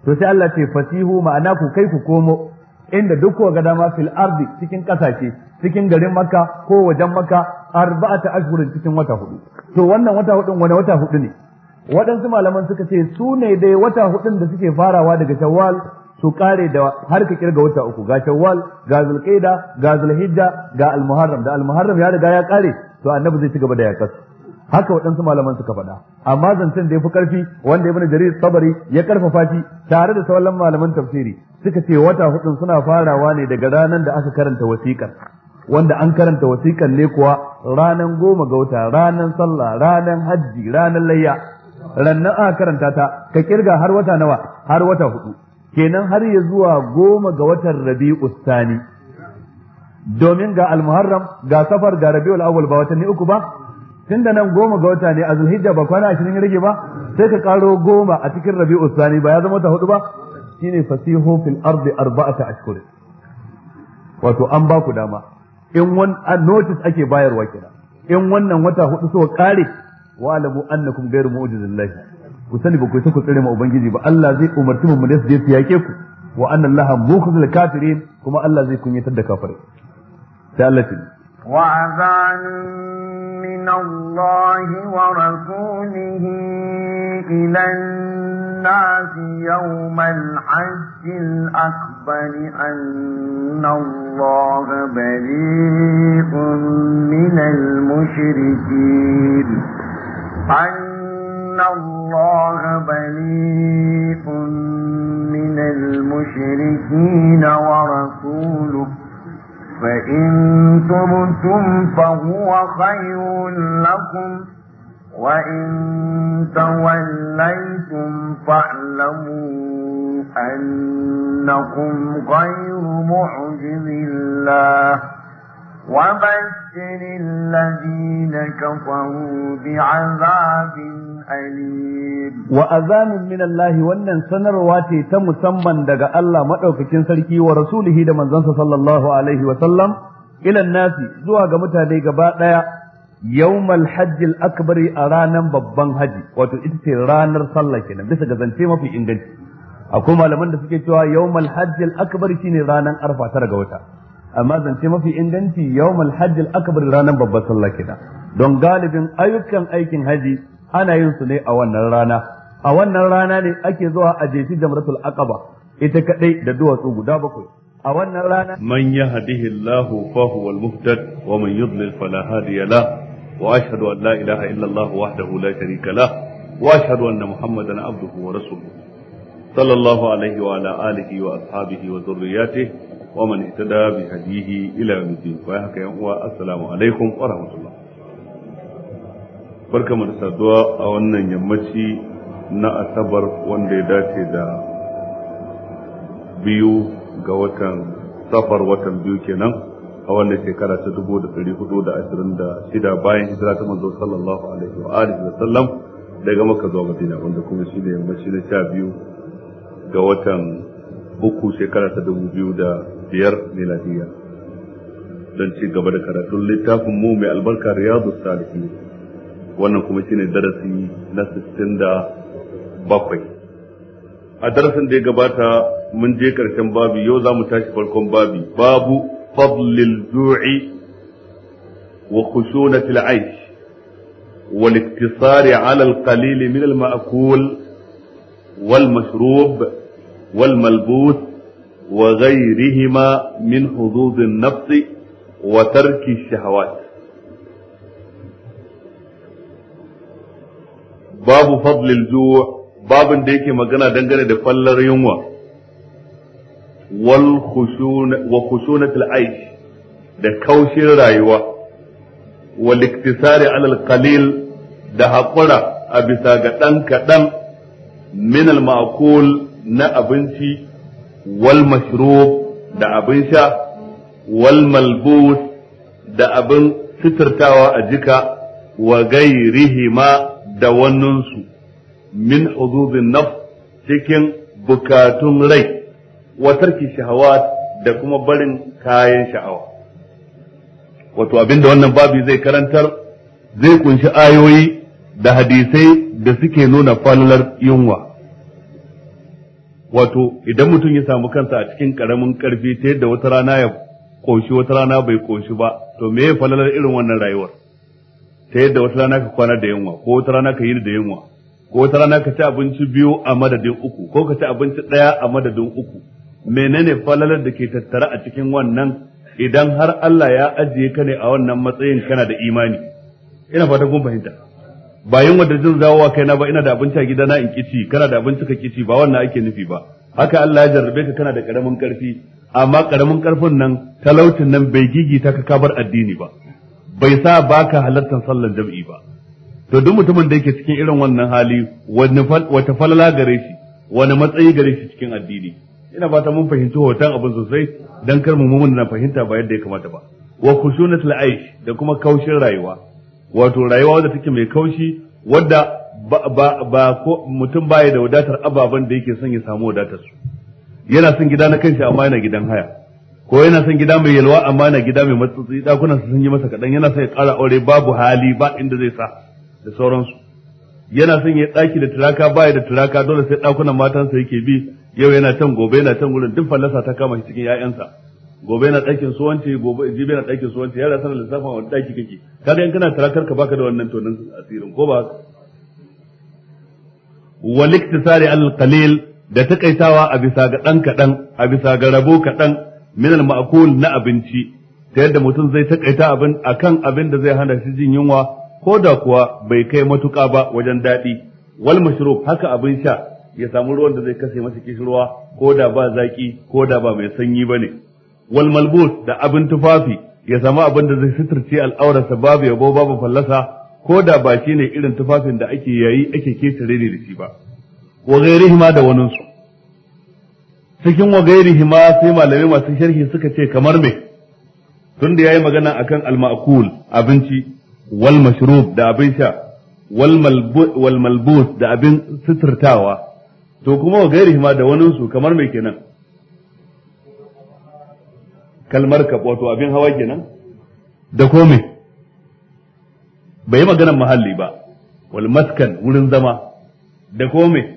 to sai Allah ce fasihu ma'ana ku kai ku komo inda duk ga dama fil ardi cikin kasashe cikin garin makka ko wajen makka arba'ata ashhurin cikin wata hudu to wannan wata hudun wani wata hudu ne waɗansu malaman suka ce su ne dai wata hudun da suke farawa daga shawwal su kare da har ka kirga wata uku ga shawwal ga zulqaida ga zulhijja ga almuharram da almuharram ya riga ya kare to annabi zai ci gaba da yakas haka waɗansu malaman suka faɗa amma zancen da ya fi ƙarfi wanda ibn jarir sabari ya karfafa shi tare da sauran malaman tafsiri suka ce wata hudun suna farawa ne daga ranar da aka karanta wasiƙar wanda an karanta wasiƙar ne kuwa ranar goma ga wata ranar sallah ranar hajji ranar layya rannan aka karanta ta ka kirga har wata nawa har wata hudu kenan har ya zuwa goma ga watan rabi'u sani domin ga almuharram ga safar ga rabi'ul awwal ba watanni uku ba tunda nan goma ga wata ne a zulhijja ba kwana ashirin rage ba sai ka karo goma a cikin rabi'u sani ba ya zama ta hudu ba shine fasihu fil ardi arba'ata ashhur wato an ba ku dama in wan notice ake bayarwa kenan in wannan wata hudu so kare wa alamu annakum ghayru mu'jizillahi ku sani ba ku isa ku tsare ma ubangiji ba Allah zai umarci mu da su je su yake ku wa anna allaha mukhzil kafirin kuma Allah zai kunyatar da kafirai sai Allah ce wa azan min Allah wa rasulihi ila الناس يوم الحج الأكبر أن الله بريء من المشركين إن الله بريء من المشركين ورسوله فإن تبتم فهو خير لكم وإن توليتم فاعلموا أنكم غير معجز الله وبشر الذين كفروا بعذاب alim wa azan min wannan sanarwa ce ta musamman daga Allah madaukakin sarki wa rasulihi da manzon sa ila nasi zuwa ga mutane gaba daya yawmal hajjil akbar a ranan babban haji wato ita ce ranar sallah kenan bisa ga zance mafi inganci akwai malaman da suke cewa yawmal hajjil akbar shine ranan arfa tar ga wata amma zance mafi inganci yawmal hajjil akbar ranan babban sallah kenan don galibin ayyukan aikin haji ana yin su ne a wannan rana a wannan rana ne ake zuwa a jefi jamratul aqaba ita kadai da duwatsu guda bakwai a wannan rana man yahdihillahu fa huwa al-muhtad wa man yudlil fala hadiya la wa ashhadu an la ilaha illa Allah wahdahu la sharika la wa ashhadu anna muhammadan abduhu wa rasuluhu sallallahu alaihi wa ala alihi wa ashabihi wa dhurriyyatihi ومن اهتدى بهديه الى يوم الدين وهكذا السلام عليكم wa rahmatullah. barkamu da saduwa a wannan yammaci na asabar wanda ya dace da biyu ga watan safar watan biyu kenan a wannan shekara ta dubu da ɗari hudu da ashirin da shida bayan hijira ta manzo sallallahu alaihi wa alihi wa sallam daga maka zuwa madina wanda kuma shi ne yammaci na sha biyu ga watan uku shekara ta dubu biyu da biyar miladiyya don ci gaba da karatun littafin mu mai albarka riyadu salihin wannan kuma shine darasi na 67 a darasin da ya gabata mun je karshen babi yau za mu tashi farkon babi babu fadlil du'i wa khushunatil aish wal iktisari ala al qalil min al ma'kul wal mashrub wal malbus wa ghayrihima min hudud an nafs wa tarki ash-shahawat babu fadlil ju' babin da yake magana dangane da fallar yunwa wal wa khushunatil aish da kaushin rayuwa wal iktisari alal qalil da haƙura a bisa ga ɗan kaɗan min al ma'kul na abinci wal mashrub da abin sha wal malbus da abin sitirtawa a jika wa gairihi ma da wannansu min hududin naf cikin bukatun rai wa tarki shahawat da kuma barin kayan sha'awa wato abinda wannan babu zai karantar zai kunshi ayoyi da hadisai da suke nuna falalar yunwa wato idan mutum ya samu kansa a cikin karamin karfi ta yadda wata rana ya koshi wata rana bai koshi ba to me ya falalar irin wannan rayuwar ta yadda wata rana ka kwana da yunwa ko wata rana ka yi da yunwa ko wata rana ka ci abinci biyu a madadin uku ko ka ci abinci daya a madadin uku menene falalar da ke tattara a cikin wannan idan har Allah ya ajiye ka ne a wannan matsayin kana da imani ina fata kun fahimta ba yin wanda zan zawowa kaina ba ina da abinci a gida na in kici kana da abinci ka kici ba wannan ake nufi ba haka Allah ya jarrabe ka kana da karamin karfi amma karamin karfin nan talaucin nan bai gigita ka kabar addini ba bai sa baka halartar sallar jam'i ba to duk mutumin da yake cikin irin wannan hali wata falala gare shi wani matsayi gare shi cikin addini ina fata mun fahimci hoton abin sosai dan kar mu mun na fahimta ba yadda ya kamata ba wa khushunatul aish da kuma kaushin rayuwa wato rayuwa wadda take mai kaushi wadda ba ba ko mutum baya da wadatar ababen da yake son ya samu wadatar su yana son gida na kanshi amma yana gidan haya ko yana son gida mai yalwa amma na gida mai matsatsi dakunan sun yi masa kadan yana son ya ƙara aure babu hali ba inda zai sa da sauransu yana son ya daki da turaka ba ya da turaka dole sai dakunan matansa yake bi yau yana can gobe yana can gurin duk fallasa ta kama cikin 'ya'yansa gobe yana dakin suwanci gobe jibe yana dakin suwanci yana yara sanar lissafin wani daki kake kaga in kana turakar ka baka da wannan tonin asirin ko ba wal iktisari al qalil da takaitawa a bisa ga dan kadan a bisa ga rabo kadan min al-ma'kul na abinci ta yadda mutum zai takaita abin akan abin da zai hana shi jin yunwa ko da kuwa bai kai matuƙa ba wajen daɗi wal mashrub haka abin sha ya samu ruwan da zai kashe masa kishirwa ko da ba zaki ko da ba mai sanyi bane wal malbus da abin tufafi ya samu abin da zai suturce al'aurarsa babu yabo babu fallasa ko da ba shine irin tufafin da ake yayi ake kece ne da shi ba wa ma da waninsu cikin wa gairihi ma sai malamai masu sharhi suka ce kamar me tun da yayi magana akan al-ma'kul abinci wal mashrub da abin sha wal malbus da abin sitirtawa to kuma wa gairihi ma da wani su kamar me kenan kalmar ka wato abin hawa kenan da me. bai yi maganar muhalli ba wal maskan wurin zama da me.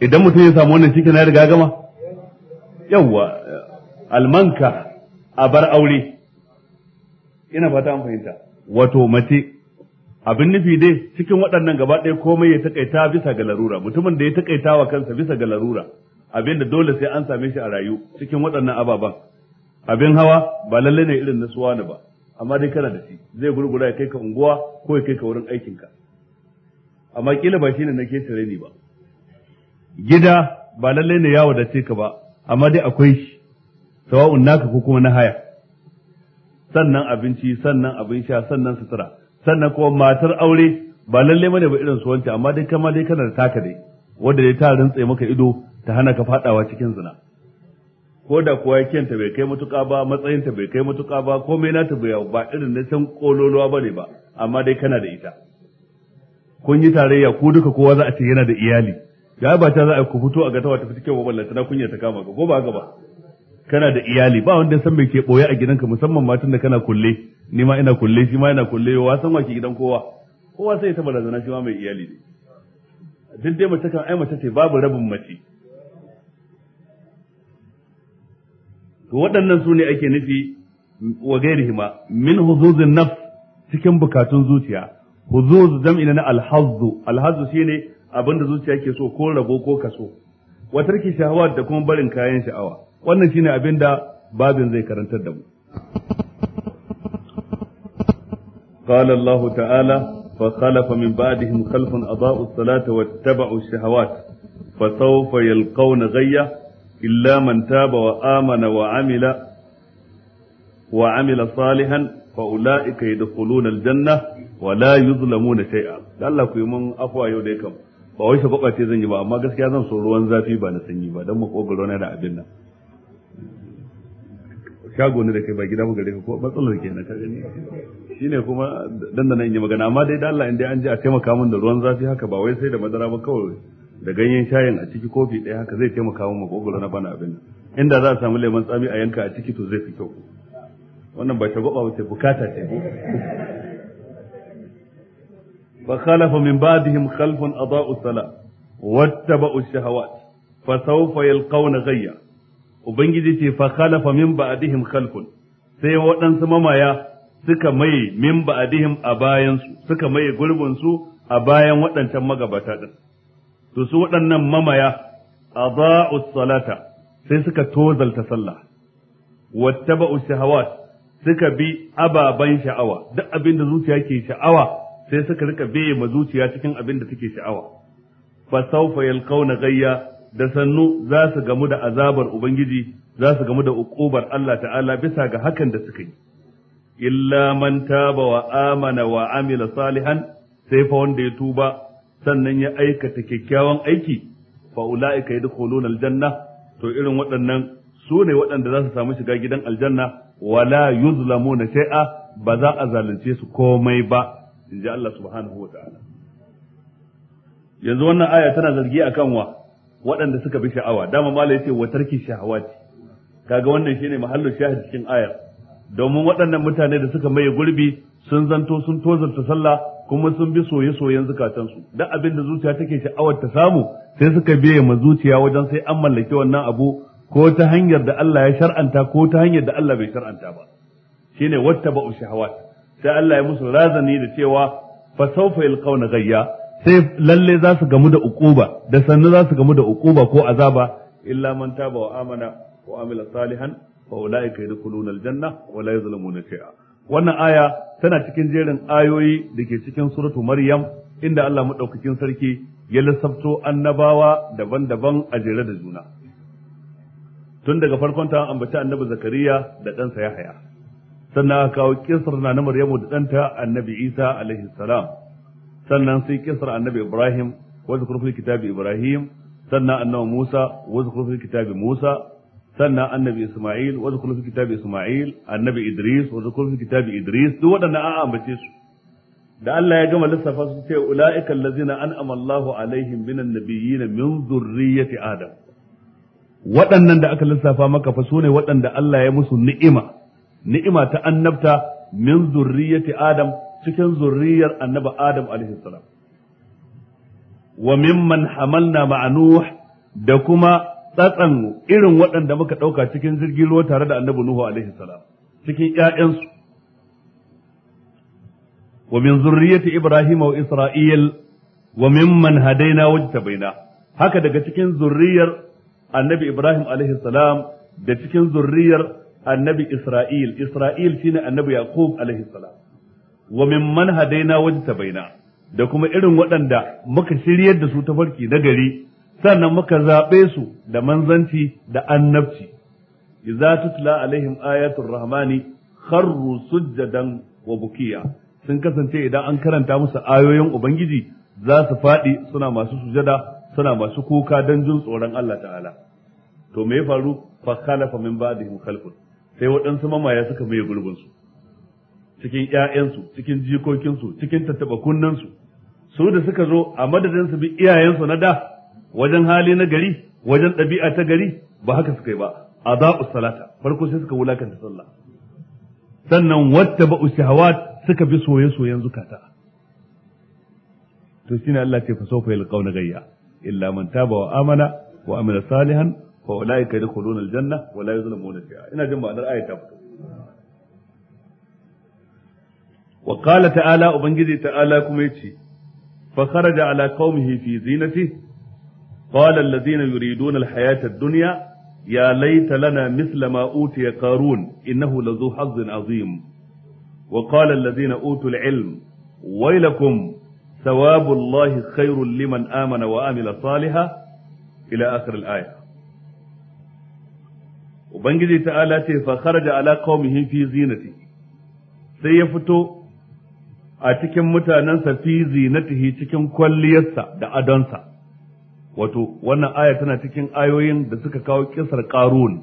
idan mutum ya samu wannan shikenan ya riga gama yawa almanka a bar aure ina fata an fahimta wato mace abin nufi dai cikin waɗannan gaba ɗaya komai ya takaita bisa ga larura mutumin da ya takaita wa kansa bisa ga larura abin da dole sai an same shi a rayu cikin waɗannan ababen abin hawa ba lalle ne irin na suwani ba amma dai kana da shi zai gurgura ya kai ka unguwa ko ya kai ka wurin aikinka amma kila ba shi ne na ke tare ni ba gida ba lalle ne ya wadace ka ba amma dai akwai shi tawa'un naka ko kuma na haya sannan abinci sannan abin sha sannan sutura sannan kuma matar aure ba lalle bane ba irin su wanci amma dai kama dai kana da taka dai wanda dai ta rantsa maka ido ta hana ka fadawa cikin zina ko da kuwa kenta bai kai matuka ba ta bai kai matuka ba komai nata bai ba irin na san kololuwa bane ba amma dai kana da ita kun yi tarayya ku duka kowa za a ce yana da iyali ya ba ta za a ku fito a ga tawa ta fita kyau ballanta na kunya ta kama ka ko ba ba kana da iyali ba wanda ya san me ke boye a gidanka musamman matan da kana kulle ni ma ina kulle shi ma ina kulle wa san wa ke gidan kowa kowa sai ta barazana shi ma mai iyali ne duk dai mace kan ai mace ce babu rabin mace to waɗannan su ne ake nufi wa ma min huzuzin nafs cikin bukatun zuciya huzuz jam'i na alhazzu alhazzu shine abinda zuciya ke so ko rabo ko kaso wa tarki shahawat da kuma barin kayan sha'awa wannan shine abin da babin zai karantar da mu قال الله تعالى فخلف من بعدهم خلف أضاءوا الصلاة واتبعوا الشهوات فسوف يلقون غية إلا من تاب وآمن وعمل وعمل صالحا فأولئك يدخلون الجنة ولا يظلمون شيئا الله كيمن أفوى يوديكم ba wai shafaka ce zan yi ba amma gaskiya zan so ruwan zafi ba na sanyi ba don makogaro na da abin nan shago ne da kai ba gida mu gare ka ko matsalar ke na kaga shine kuma dandana in yi magana amma dai da Allah in dai an ji a taimaka min da ruwan zafi haka ba wai sai da madara ba kawai da ganyen shayin a ciki kofi ɗaya haka zai taimaka min makogaro na bana abin inda za a samu lemon tsami a yanka a ciki to zai fi kyau wannan ba gaba ba ce bukata ce فخلف من بعدهم خلف أضاءوا الصلاة واتبعوا الشهوات فسوف يلقون غيا وبنجي فخلف من بعدهم خلف sai waɗansu mamaya suka maye min ba'adihim a bayansu suka maye gurbinsu a bayan waɗancan magabata ɗin to su waɗannan mamaya a ba'us salata sai suka tozalta sallah wattaba'u shahawat suka bi ababan sha'awa duk abinda zuciya ke sha'awa sai suka rika beye ma zuciya cikin abin da suke sha'awa fa sawfa yalqawna gayya da sannu za su gamu da azabar ubangiji za su gamu da uqubar Allah ta'ala bisa ga hakan da suka yi illa man taba wa amana wa amila salihan sai fa wanda ya tuba sannan ya aikata kyakkyawan aiki fa ulaika yadkhuluna aljanna to irin waɗannan su ne waɗanda za su samu shiga gidan aljanna wala yuzlamuna shay'a ba za a zalunce su komai ba in ji Allah subhanahu wa ta'ala yanzu wannan aya tana zargi akan wa waɗanda suka bi sha'awa dama mala ce wa tarki shahawati kaga wannan shine mahallin shahid cikin ayar domin waɗannan mutane da suka maye gurbi sun zanto sun tozarta sallah kuma sun bi soye-soyen zukatansu duk abin da zuciya take sha'awar ta samu sai suka biya ma zuciya wajen sai an mallaki wannan abu ko ta hanyar da Allah ya shar'anta ko ta hanyar da Allah bai shar'anta ba shine wattaba'u shahawat sai Allah ya musu razani da cewa fa saufa yalqawna gayya sai lalle za su gamu da uquba da sannu za su gamu da ukuba ko azaba illa man taba wa amana wa amila salihan fa ulaika yadkhuluna aljanna wa la yuzlamuna shay'a wannan aya tana cikin jerin ayoyi da ke cikin suratu maryam inda Allah madaukakin sarki ya lissafto annabawa daban-daban a jere da juna tun daga farkon ta ambaci annabi zakariya da ɗansa yahaya sannan aka kawo kisar na na maryamu da ɗanta annabi isa alaihi salam sannan sai kisar annabi ibrahim wasu kurfin kitabi ibrahim sannan annabi musa wasu kurfin kitabi musa sannan annabi isma'il wasu kurfin kitabi isma'il annabi idris wasu kurfin kitabi idris duk waɗannan an ambace su da Allah ya gama lissafa su ce ula'ika allazina an'ama Allahu alaihim minan nabiyyin min zurriyyati adam waɗannan da aka lissafa maka fa sune waɗanda Allah ya musu ni'ima ni'ima ta annabta min zurriyyati adam cikin zurriyar annaba adam alaihi salam wa mimman hamalna ma'a nuh da kuma tsatsan irin waɗanda muka ɗauka cikin jirgin ruwa tare da annabi nuhu alaihi salam cikin ƴaƴansu wa min zurriyyati ibrahim wa isra'il wa mimman hadaina wajtabaina haka daga cikin zurriyar annabi ibrahim alaihi salam da cikin zurriyar annabi Isra'il Isra'il shine annabi Yaqub alaihi salam wa mimman hadaina baina da kuma irin waɗanda muka shiryar da su ta farki na gari sannan muka zaɓe su da manzanci da annabci idza tutla alaihim ayatul rahmani kharru sujjadan wa bukiya sun kasance idan an karanta musu ayoyin ubangiji za su faɗi suna masu sujada suna masu kuka don jin tsoron Allah ta'ala to me ya faru fa khalafa min ba'dihim khalfun sai waɗansu mamaya suka maye gurbinsu cikin ‘ya'yansu cikin jikokinsu cikin tattaɓa kunnensu su da suka zo a madadin su bi iyayensu na da wajen hali na gari wajen ɗabi'a ta gari ba haka suka yi ba a za'u salata farko sai suka wulakanta sallah sannan wata ba hawa suka bi soye-soyen zukata to shine Allah ce fa sawfa na gayya illa man taba wa amana wa amila salihan فاولئك يدخلون الجنه ولا يظلمون شيئا ان جمع ان الايه تبقى وقال تعالى ابنجي تعالى كما فخرج على قومه في زينته قال الذين يريدون الحياه الدنيا يا ليت لنا مثل ما اوتي قارون انه لذو حظ عظيم وقال الذين اوتوا العلم ويلكم ثواب الله خير لمن امن وعمل صالحا الى اخر الايه ubangiji ta'ala ce fa kharaja ala qaumihi fi zinati sai ya fito a cikin mutanensa fi zinatihi cikin kwalliyarsa da adonsa wato wannan aya tana cikin ayoyin da suka kawo kisar qarun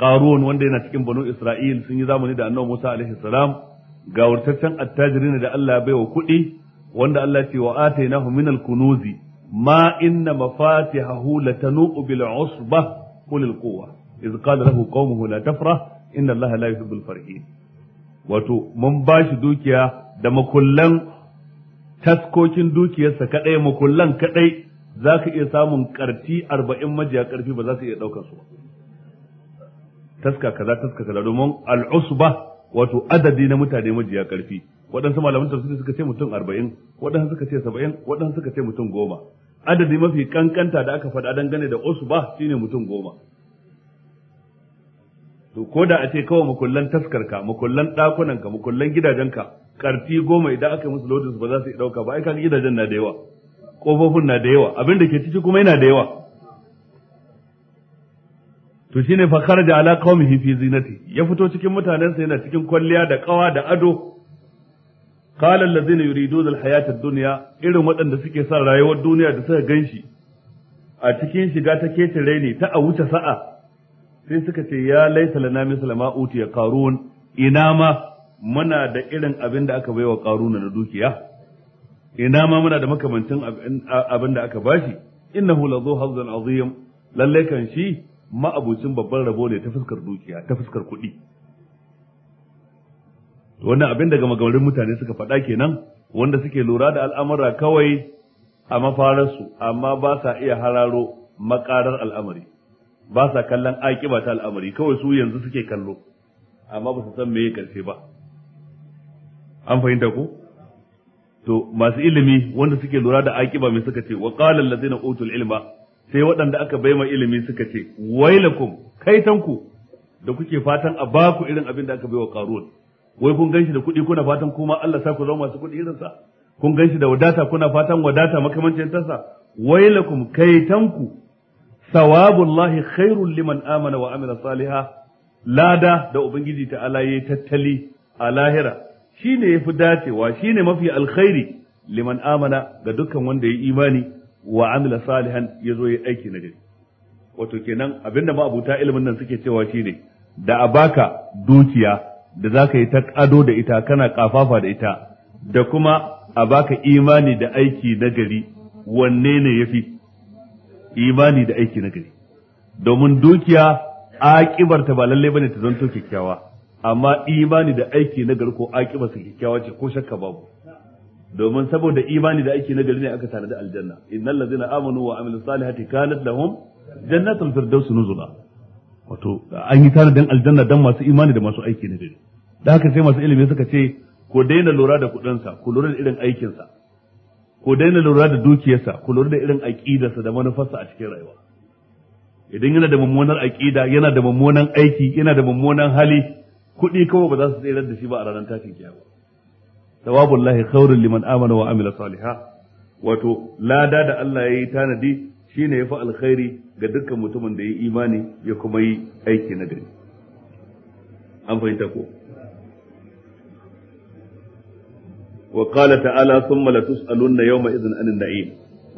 qarun wanda yana cikin banu isra'il sun yi zamani da annabi Musa alaihi salam ga wurtaccen attajirin da Allah ya baiwa kuɗi wanda Allah ce wa atainahu minal kunuzi ma inna mafatihahu latanu bil usbah ulil quwwah iz qala lahu qaumuhu la tafrah inna allaha la yuhibbul farihin wato mun ba shi dukiya da makullan taskokin dukiyarsa kadai makullan kadai za ka iya samun karti arba'in majiya karfi ba za ka iya daukar su taska kaza taska kaza domin al'usba wato adadi na mutane majiya karfi waɗansu malamin tafsiri suka ce mutum arba'in waɗansu suka ce saba'in waɗansu suka ce mutum goma adadi mafi kankanta da aka faɗa dangane da usba shine mutum goma to ko da a ce kawai mukullan taskarka makullan ɗakunanka mukullan gidajenka karfi goma idan aka yi musu lodin ba za su dauka ba ai kaga gidajen na da yawa kofofin na da yawa abin da ke ciki kuma yana da yawa to shine fa kharaja ala qaumihi fi zinati ya fito cikin mutanensa yana cikin kwalliya da kawa da ado قال الذين يريدون alhayata الدنيا dunya irin waɗanda suke son rayuwar duniya da suka ganshi a cikin shiga ta ketare ne ta a wuce sa'a sai suka ce ya laisa lana misla ma ya qarun ina ma muna da irin abin da aka baiwa qaruna na dukiya ina ma muna da makamancin abin da aka bashi innahu lazu hazzan azim lalle kan shi ma'abucin babban rabo ne ta fuskar dukiya ta fuskar kuɗi wannan abin daga magamarin mutane suka faɗa kenan wanda suke lura da al'amura kawai a mafararsu amma ba sa iya hararo makarar al'amari ba sa kallon akiba ta al'amari kawai su yanzu suke kallo amma ba su san ya karfe ba an fahimta ko to masu ilimi wanda suke lura da akiba mai suka ce wa qala allazina utul ilma sai waɗanda aka bai ma ilimi suka ce wailakum kaitanku da kuke fatan a baku irin abin da aka baiwa qarun wai kun ganshi da kuɗi kuna fatan kuma Allah sa ku zama masu kuɗi irin sa kun ganshi da wadata kuna fatan wadata makamancin tasa wailakum kaitanku thawabullahi khairul liman amana wa amila saliha lada da ubangiji ta ala tattali a lahira shine yafi dacewa shine mafi alkhairi liman amana ga dukkan wanda ya imani wa amila salihan yazo yayi aiki na gari wato kenan abinda ma abuta ilimin nan suke cewa shine da a baka dukiya da zaka yi ta ado da ita kana kafafa da ita da kuma a baka imani da aiki na gari wanne ne yafi imani da aiki na gari domin dukiya akibar ta ba lalle bane ta zanto kyakkyawa amma imani da aiki na gari ko akibar sa kyakkyawa ce ko shakka babu domin saboda imani da aiki na gari ne aka tanadi aljanna innal ladzina amanu wa amilus salihati kanat lahum jannatul firdaus nuzula wato an yi tanadin aljanna dan masu imani da masu aiki na gari da haka sai masu ilimi suka ce ku daina lura da sa ku lura da irin aikin sa ku daina lura da dukiyarsa ku lura da irin aqidarsa da manufarsa a cikin rayuwa idan yana da mummunar aqida yana da mummunan aiki yana da mummunan hali kuɗi kawai ba za su tsirar da shi ba a ranar tashin kiyama thawabul lahi liman amana wa amila saliha wato lada da Allah ya yi tanadi shine fi alkhairi ga dukkan mutumin da ya yi imani ya kuma yi aiki na gari an fahimta ko wa qala ta'ala luna yau yawma izin anin na'im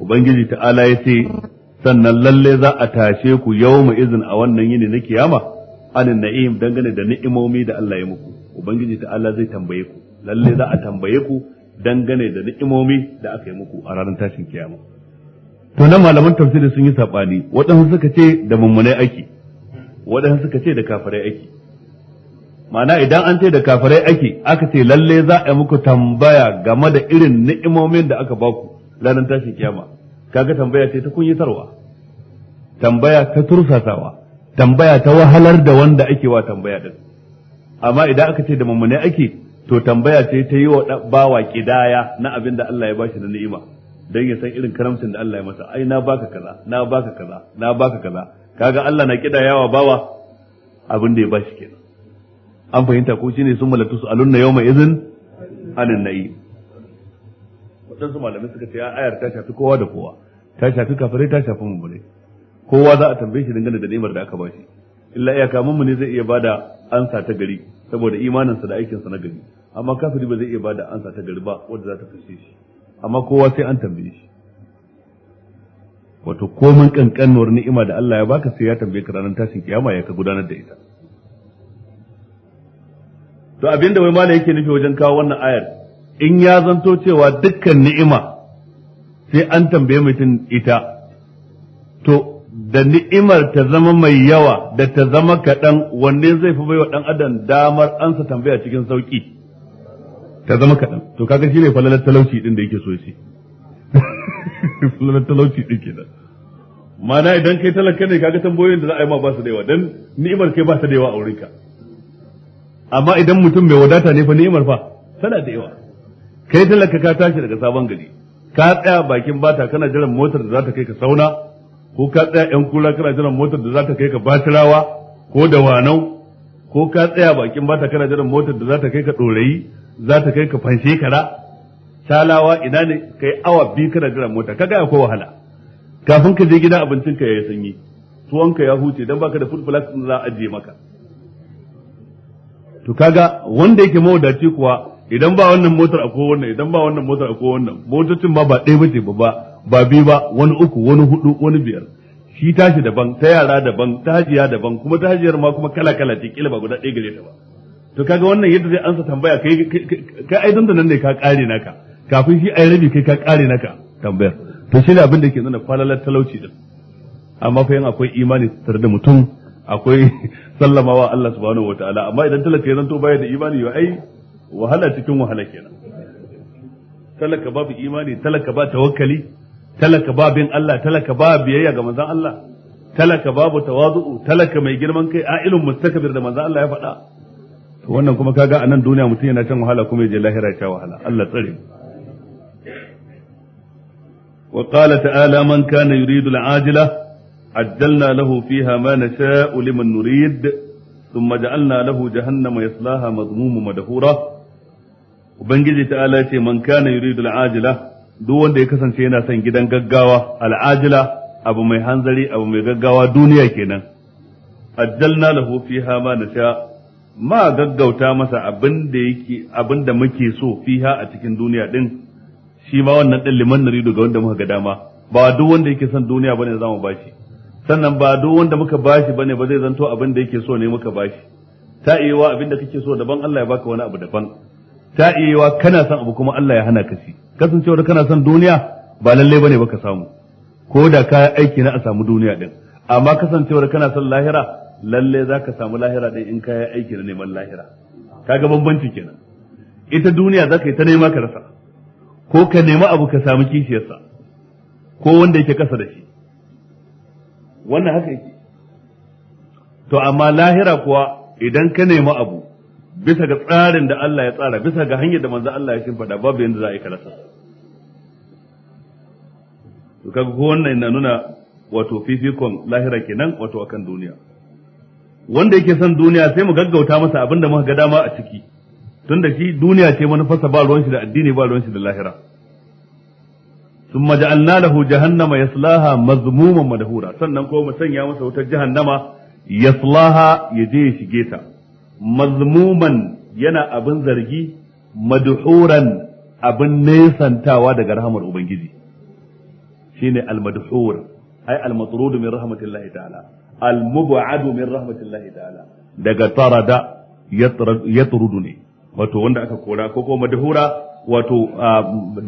ubangiji ta'ala ce sannan lalle za a tashe ku yau ma izin a wannan yini na kiyama anin na'im dangane da ni'imomi da Allah ya muku ubangiji ta'ala zai tambaye ku lalle za a tambaye ku dangane da ni'imomi da aka yi muku a ranar tashin kiyama to nan malaman tafsiri sun yi sabani waɗansu suka ce da mummunai aiki waɗansu suka ce da kafirai aiki ma'ana idan an ce da kafirai ake aka ce lalle za a muku tambaya game da irin ni'imomin da aka baku ranar tashin kiyama kaga tambaya ce ta kunyitarwa tambaya ta tursatawa tambaya ta wahalar da wanda ake wa tambaya din amma idan aka ce da mummune ake to tambaya ce ta yi wa bawa kidaya na abin da Allah ya bashi na ni'ima dan ya san irin karamcin da Allah ya masa ai na baka kaza na baka kaza na baka kaza kaga Allah na kidayawa bawa abin da ya bashi kenan an fahimta ko shine sun malatu su alunna yawma izin alin na'i waɗansu malamai suka ce ayar ta shafi kowa da kowa ta shafi kafirai ta shafi mummune kowa za a tambaye shi dangane da ni'imar da aka bashi illa iyaka ne zai iya bada ansa ta gari saboda imaninsa da aikinsa na gari amma kafiri ba zai iya bada ansa ta gari ba wanda za ta kashe shi amma kowa sai an tambaye shi wato komin kankanuwar ni'ima da Allah ya baka sai ya tambaye ka ranar tashin kiyama ya ka gudanar da ita to abinda wai mala yake nufi wajen kawo wannan ayar in ya zanto cewa dukkan ni'ima sai an tambaye mutum ita to da ni'imar ta zama mai yawa da ta zama kaɗan wanne zai fi baiwa ɗan adam damar ansa tambaya cikin sauƙi ta zama kaɗan to kaga shi ne falalar talauci ɗin da yake so shi falalar talauci ɗin kenan ma'ana idan kai talaka ne kaga tambayoyin da za a yi ma ba su da yawa dan ni'imar kai ba ta da yawa a wurinka amma idan mutum mai wadata ne fa ni'imar fa tana da yawa kai talaka ka tashi daga sabon gari ka tsaya bakin bata kana jiran motar da za ta kai ka sauna ko ka tsaya yan kula kana jiran motar da za ta kai ka batirawa ko da wanau ko ka tsaya bakin bata kana jiran motar da za ta kai ka dorayi za ta kai ka fanshe kara talawa ina ne kai awa biyu kana jiran mota kaga akwai wahala kafin ka je gida abincin ka ya sanyi tuwon ka ya huce dan baka da food plus za a ajiye maka to kaga wanda yake mawadaci kuwa idan ba wannan motar a wannan idan ba wannan motar a wannan motocin ma ba ɗaya bace ba ba biyu ba wani uku wani hudu wani biyar shi tashi daban ta yara daban ta hajiya daban kuma ta hajiyar ma kuma kala kala ce kila ba guda ɗaya gare ta ba to kaga wannan yadda zai ansa tambaya kai kai ai nan ne ka kare naka kafin shi ai rabi kai ka kare naka tambayar to shi ne abin da ke nuna falalar talauci din amma fa yin akwai imani tare da mutum akwai sallamawa Allah subhanahu wataala amma idan talaka ya zanto baya da imani ya ai wahala cikin wahala kenan talaka babu imani talaka ba tawakkali talaka babin Allah talaka ba biyayya ga manzon Allah talaka babu tawazu'u talaka mai girman kai a'ilun mustakbir da manzon Allah ya faɗa to wannan kuma kaga a nan duniya mutum yana can wahala kuma yaje lahira ya wahala Allah tsare wa qala ta'ala man kana yuridu al عجلنا له فيها ما نشاء لمن نريد ثم جعلنا له جهنم يصلاها مذموم مدحورا ubangiji ta'ala ce man kana yuridu duk wanda ya kasance yana son gidan gaggawa al'ajila abu mai hanzari abu mai gaggawa duniya kenan ajjalna lahu fiha ma nasha ma gaggauta masa abin da yake abin da muke so fiha a cikin duniya din shi ma wannan din liman naridu ga wanda muka ga dama ba duk wanda yake son duniya bane zamu bashi sannan ba duk wanda muka bashi bane ba zai zanto abin da yake so ne muka bashi ta iyawa abin da kake so daban Allah ya baka wani abu daban ta iyawa kana son abu kuma Allah ya hana ka shi kasancewar kana son duniya ba lalle bane baka samu ko da ka aiki na a samu duniya din amma kasancewar kana son lahira lalle zaka samu lahira din in ka yi aiki na neman lahira kaga bambanci kenan ita duniya zaka yi ta nema ka rasa ko ka nemi abu ka samu kishiyarsa ko wanda yake kasa da shi wannan haka yake to amma lahira kuwa idan ka nemi abu bisa ga tsarin da Allah ya tsara bisa ga hanyar da manzo Allah ya shimfiɗa babu yanda za a yi karasa to kaga ko wannan ina nuna wato fifikon lahira kenan wato akan duniya wanda yake son duniya sai mu gaggauta masa abin da muka ga dama a ciki tunda shi duniya ce manufarsa ba ruwan shi da addini ba ruwan shi da lahira ثم جعلنا له جهنم yaslaha mazmuman مدهورا sannan ko mu sanya masa wata jahannama yaslaha yaje ya shige ta mazmuman yana abin zargi madhuran abin nesantawa daga rahamar ubangiji shine al-madhur ai al-matrud min rahmatillahi ta'ala al-mub'ad min rahmatillahi ta'ala daga ne wato wanda aka kora ko ko madhura wato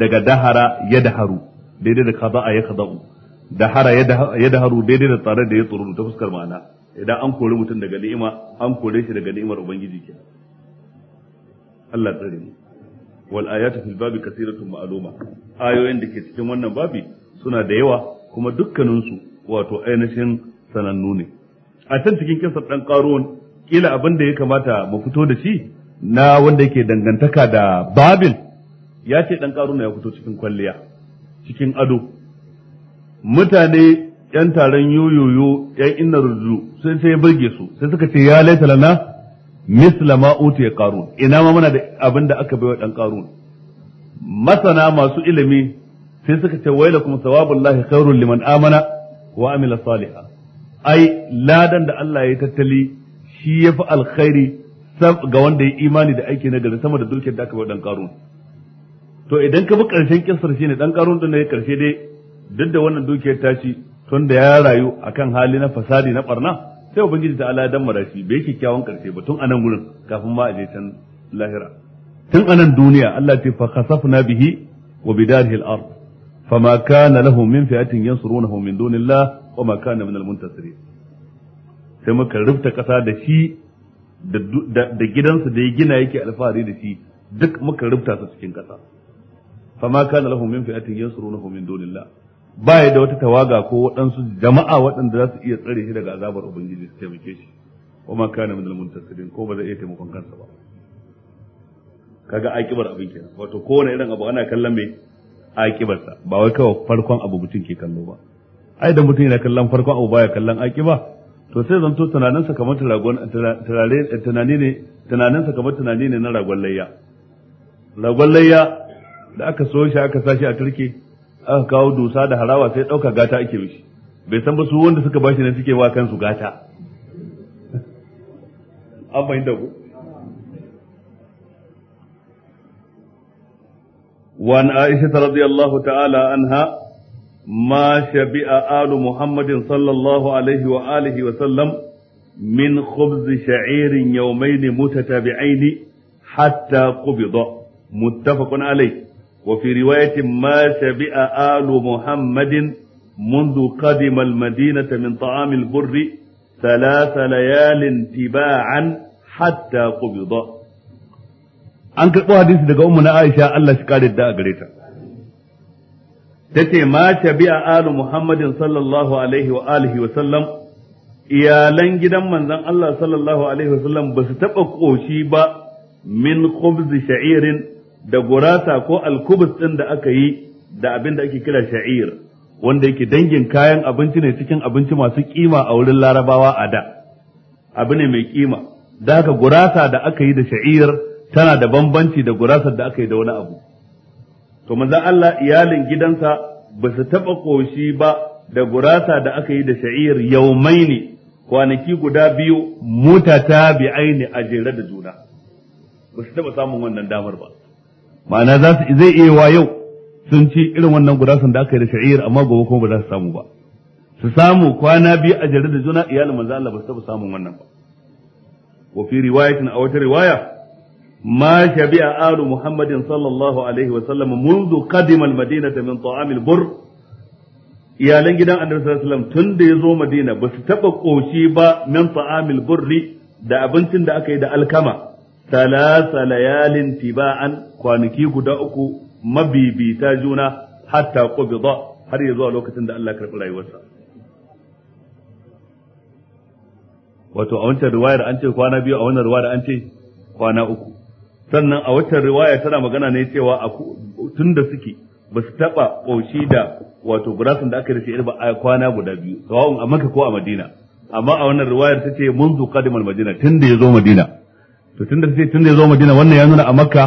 daga dahara ya daharu daidai da a ya kaza'u da hara ya haru daidai da tsarar da ya tsoro ta fuskar ma'ana idan an kori mutum daga ni'ima an kore shi daga ni'imar ubangiji ke Allah tsare mu wal ayatu fil babi kasiratun ma'luma ayoyin da ke cikin wannan babi suna da yawa kuma dukkanin su wato ainihin sanannu ne a can cikin kinsar dan qarun kila abin da ya kamata mu fito da shi na wanda yake dangantaka da babil ya ce dan qarun ya fito cikin kwalliya cikin ado mutane yan taron yoyoyo yan inna ruzu sai sai burge su sai suka ce ya laita lana misla ma utiya qarun ina ma muna da abin da aka baiwa dan qarun masana masu ilimi sai suka ce wailakum sawabullahi khairul liman amana wa amila salihah ai ladan da Allah ya tattali shi yafi alkhairi ga wanda ya imani da aiki na gari sama da dukiyar da aka baiwa dan qarun to idan ka bi ƙarshen kisar shine dan karun din ne karshe dai duk da wannan dukiyar tashi tun da ya rayu akan hali na fasadi na barna sai ubangiji ta ala dan marashi bai kikkiawan karshe ba tun anan gurin kafin ma a je can lahira tun anan duniya Allah ta fa khasafna bihi wa bidarihi al-ard fama kana lahu min fi'atin yansurunahu min dunillah wa ma kana min al-muntasirin sai muka rufta kasa da shi da gidansa da ya gina yake alfahari da shi duk muka rubta su cikin kasa fama kana lahum min fi'atin yansurunahu min dunillah baya da wata tawaga ko waɗansu jama'a waɗanda za su iya tsare shi daga azabar ubangiji su taimake shi wa ma kana min almuntasirin ko ba zai iya taimakon kansa ba kaga aqibar abin kenan wato kowane irin abu ana kallon mai sa ba wai kawai farkon abu mutum ke kallo ba ai da mutum yana kallon farkon abu baya kallon aqiba to sai zanto sa kamar eh, tunani ne sa kamar tunani ne na ragon layya ragon layya da aka so shi aka sashi a turke aka kawo dusa da harawa sai ɗauka gata ake mishi bai san ba su wanda suka bashi ne suke wa kansu gata an bayin da ku وعن عائشة رضي الله تعالى عنها ما شبع آل محمد صلى الله عليه وآله وسلم من خبز شعير يومين متتابعين حتى قبض متفق عليه وفي رواية ما شبع آل محمد منذ قدم المدينة من طعام البر ثلاث ليال تباعا حتى قبض an karɓo hadisi daga ummu na Aisha Allah shi kare da a gare ta tace ma shabi'a alu Muhammadin sallallahu alaihi wa sallam iyalan gidan manzon Allah sallallahu alaihi wa sallam ba su taɓa ƙoshi ba min khubz sha'irin da gurasa ko alkubus ɗin da aka yi da abin da ake kira sha'ir wanda yake dangin kayan abinci ne cikin abinci masu kima a wurin larabawa a da abu ne mai kima da haka gurasa da aka yi da sha'ir tana da bambanci da gurasar da aka yi da wani abu to manzo Allah iyalin gidansa ba su taba koshi ba da gurasa da aka yi da sha'ir yaumaini kwanaki guda biyu mutata bi aini a jere da juna ba su taba samun wannan damar ba ma'ana za su zai iya wa yau sun ci irin wannan guda sun da aka yi da sha'ir amma gobe kuma ba za su samu ba su samu kwana biyu a jere da juna iyalin manzo Allah ba su taɓa samun wannan ba wa fi riwayatin a wata riwaya ma shabi'a alu muhammadin sallallahu alaihi wa sallam kadimal قدم المدينة min طعام Bur. iyalan gidan annabi sallallahu alaihi tun da ya zo madina ba su taba koshi ba min ta'amil burri da abincin da aka yi da alkama talasa layalin tiba'an kwanaki guda uku ta juna hatta qubida har ya zuwa lokacin da Allah karɓi rayuwarsa wato a wancan riwayar an ce kwana biyu a wannan riwayar an ce kwana uku sannan a wancan riwaya tana magana ne cewa tun da suke ba su taɓa ƙoshi da wato gurasun da aka da shi ba a kwana guda biyu sawa'un a maka ko a madina amma a wannan riwayar ta ce munzu qadimal madina tun da ya zo madina to tun da sai tun ya zo Madina wannan ya nuna a Makka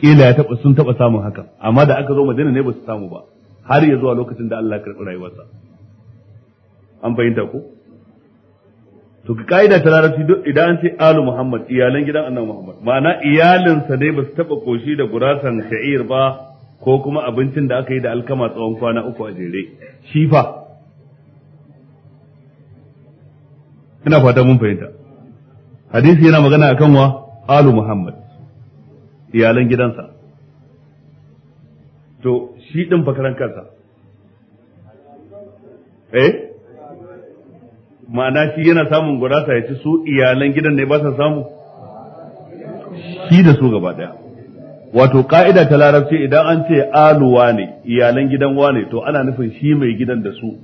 kila ya taba sun taba samun haka amma da aka zo Madina ne ba su samu ba har ya zuwa lokacin da Allah ya karɓi rayuwarsa an fahimta ko to ka kaida ta larabci duk idan an ce alu Muhammad iyalan gidan Annabi Muhammad ma'ana sa dai ba su taba koshi da gurasan sha'ir ba ko kuma abincin da aka yi da alkama tsawon kwana uku a jere shifa ina fata mun fahimta hadisi yana magana akan wa alu muhammad iyalan gidansa to shi din fakaran kansa eh ma'ana shi yana samun gurasa ya ci su iyalan gidan ne ba sa samu shi da su gaba daya wato ka'ida ta larabci idan an ce Alu wane iyalan gidan wane to ana nufin shi mai gidan da su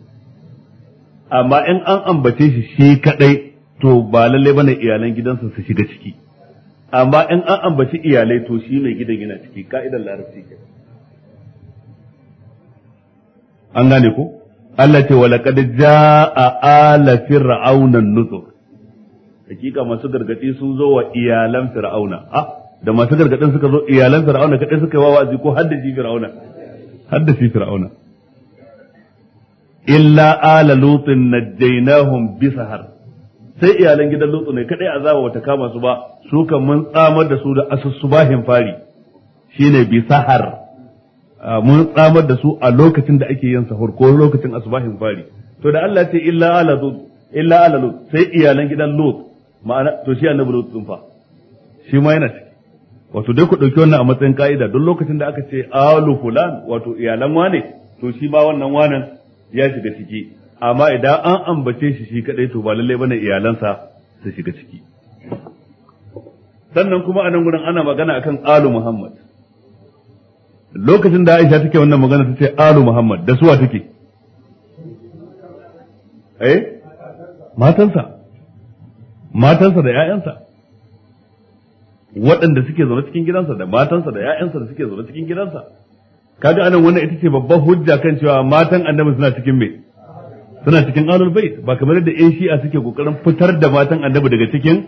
amma in an ambace shi shi kadai to ba lalle bane iyalan gidansa su shiga ciki amma in an ambaci iyalai to shi mai gidan yana ciki ka'idar larabci ke an gane ko Allah ce walaqad jaa ala fir'auna nuzur hakika masu gargadi sun zo wa iyalan fir'auna ah da masu gargadin suka zo iyalan fir'auna kadai suka yi wa wa'azi ko hadda shi fir'auna hadda shi fir'auna illa ala lutin najjaynahum sahar sai iyalan gidan lutsu ne kadai azaba wata kama su ba su kan mun tsamar da su da bahin fari shine bi sahar ah, mun tsamar da su a lokacin da ake yin sahur ko lokacin asubahin fari to da Allah ce illa ala lut illa ala lut sai iyalan gidan lut ma'ana to shi annabi lut sun fa shi ma yana ciki wato dai ku dauki wannan a matsayin ka'ida don lokacin da aka ce alu fulan wato iyalan wane to shi ba wannan wanan ya shiga ciki amma idan an ambace shi shi kadai to ba lalle bane iyalansa su shiga ciki sannan kuma a nan gurin ana magana akan alu muhammad lokacin da aisha take wannan magana ta ce alu muhammad da suwa take eh matansa matansa da 'ya'yansa waɗanda suke zaune cikin gidansa da matansa da 'ya'yansa da suke zaune cikin gidansa kaga anan wannan ita ce babbar hujja kan cewa matan annabi suna cikin me suna cikin alul bait ba kamar yadda ƴan shi'a suke kokarin fitar da matan annabi daga cikin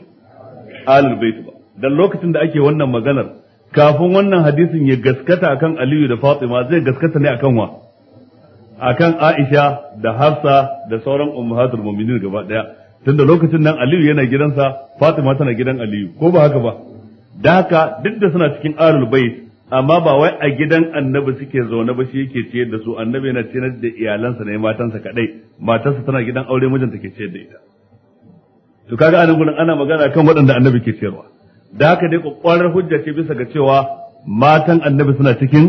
alul bait ba dan lokacin da ake wannan maganar kafin wannan hadisin ya gaskata akan Aliyu da Fatima zai gaskata ne akan wa akan Aisha da Hafsa da sauran ummahatul mu'minin gaba daya tunda lokacin nan Aliyu yana gidansa Fatima tana gidan Aliyu ko ba haka ba da haka duk da suna cikin alul bait amma ba wai a gidan annabi suke zaune ba shi yake ciyar da su annabi yana ciyar da iyalansa ne matansa kadai matansa tana gidan aure mijinta ke ciyar da ita to kaga anan gurin ana magana kan waɗanda annabi ke ciyarwa da haka dai kwakwarar hujja ce bisa ga cewa matan annabi suna cikin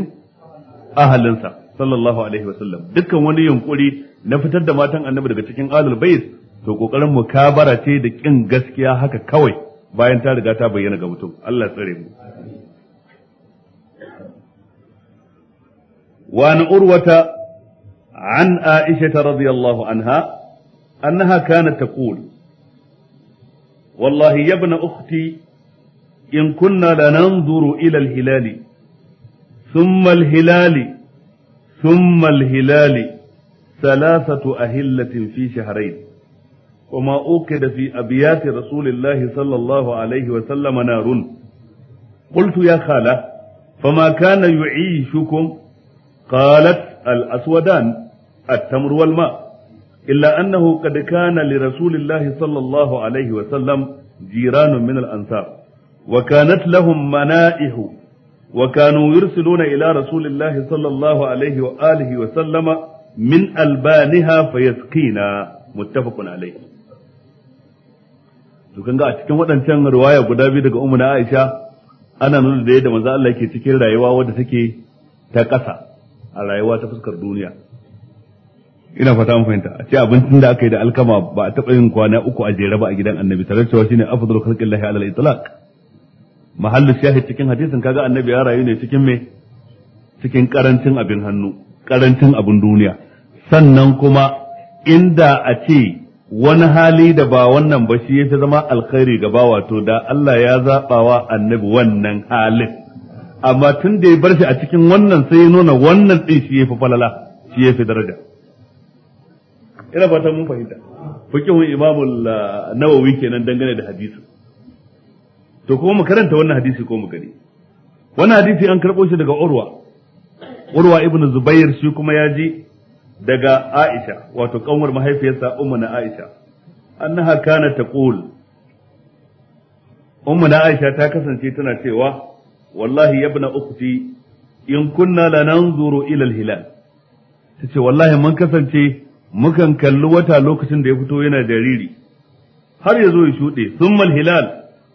ahalinsa sallallahu alaihi wasallam dukkan wani yunkuri na fitar da matan annabi daga cikin alul bait to kokarin mukabara ce da kin gaskiya haka kawai bayan ta riga ta bayyana ga mutum Allah tsare mu وعن عروة عن عائشة رضي الله عنها أنها كانت تقول والله يا ابن أختي إن كنا لننظر إلى الهلال ثم الهلال ثم الهلال ثلاثة أهلة في شهرين وما أوكد في أبيات رسول الله صلى الله عليه وسلم نار قلت يا خالة فما كان يعيشكم قالت الأسودان التمر والماء إلا أنه قد كان لرسول الله صلى الله عليه وسلم جيران من الأنصار وكانت لهم منائه وكانوا يرسلون إلى رسول الله صلى الله عليه وآله وسلم من ألبانها فيسقينا متفق عليه to kan ga a cikin waɗancan riwaya guda biyu daga ummu na Aisha ana nuna da yadda manzo Allah yake cikin rayuwa wadda take ta ƙasa a rayuwa ta fuskar duniya ina fata mun fahimta a ce abincin da aka yi da alkama ba a taɓa yin kwana uku a jere ba a gidan annabi tare cewa shine afdal llahi ala al-itlaq mahallu shahid cikin hadisin kaga annabi ya rayu ne cikin me cikin karancin abin hannu karancin abin duniya sannan kuma inda a ce wani hali da ba wannan ba shi ya fi zama alkhairi ga bawa to da Allah ya zaɓa wa annabi wannan halin amma tun da ya bar shi a cikin wannan sai ya nuna wannan din shi yafi falala shi yafi daraja ina fata mun fahimta fikihun imamul ah, nawawi kenan dangane da hadisi to kuma mu karanta wannan hadisi ko mu gani wannan hadisi an karɓo shi daga urwa urwa ibnu zubair shi kuma ya ji daga aisha wato kanwar mahaifiyarsa na aisha annaha kana taqul na aisha ta kasance tana cewa wallahi yabna ukhti in kunna nan ila ilal hilal Ta ce wallahi mun kasance mukan kalli wata lokacin da ya fito yana jariri har ya zo ya shuɗe sun summal hilal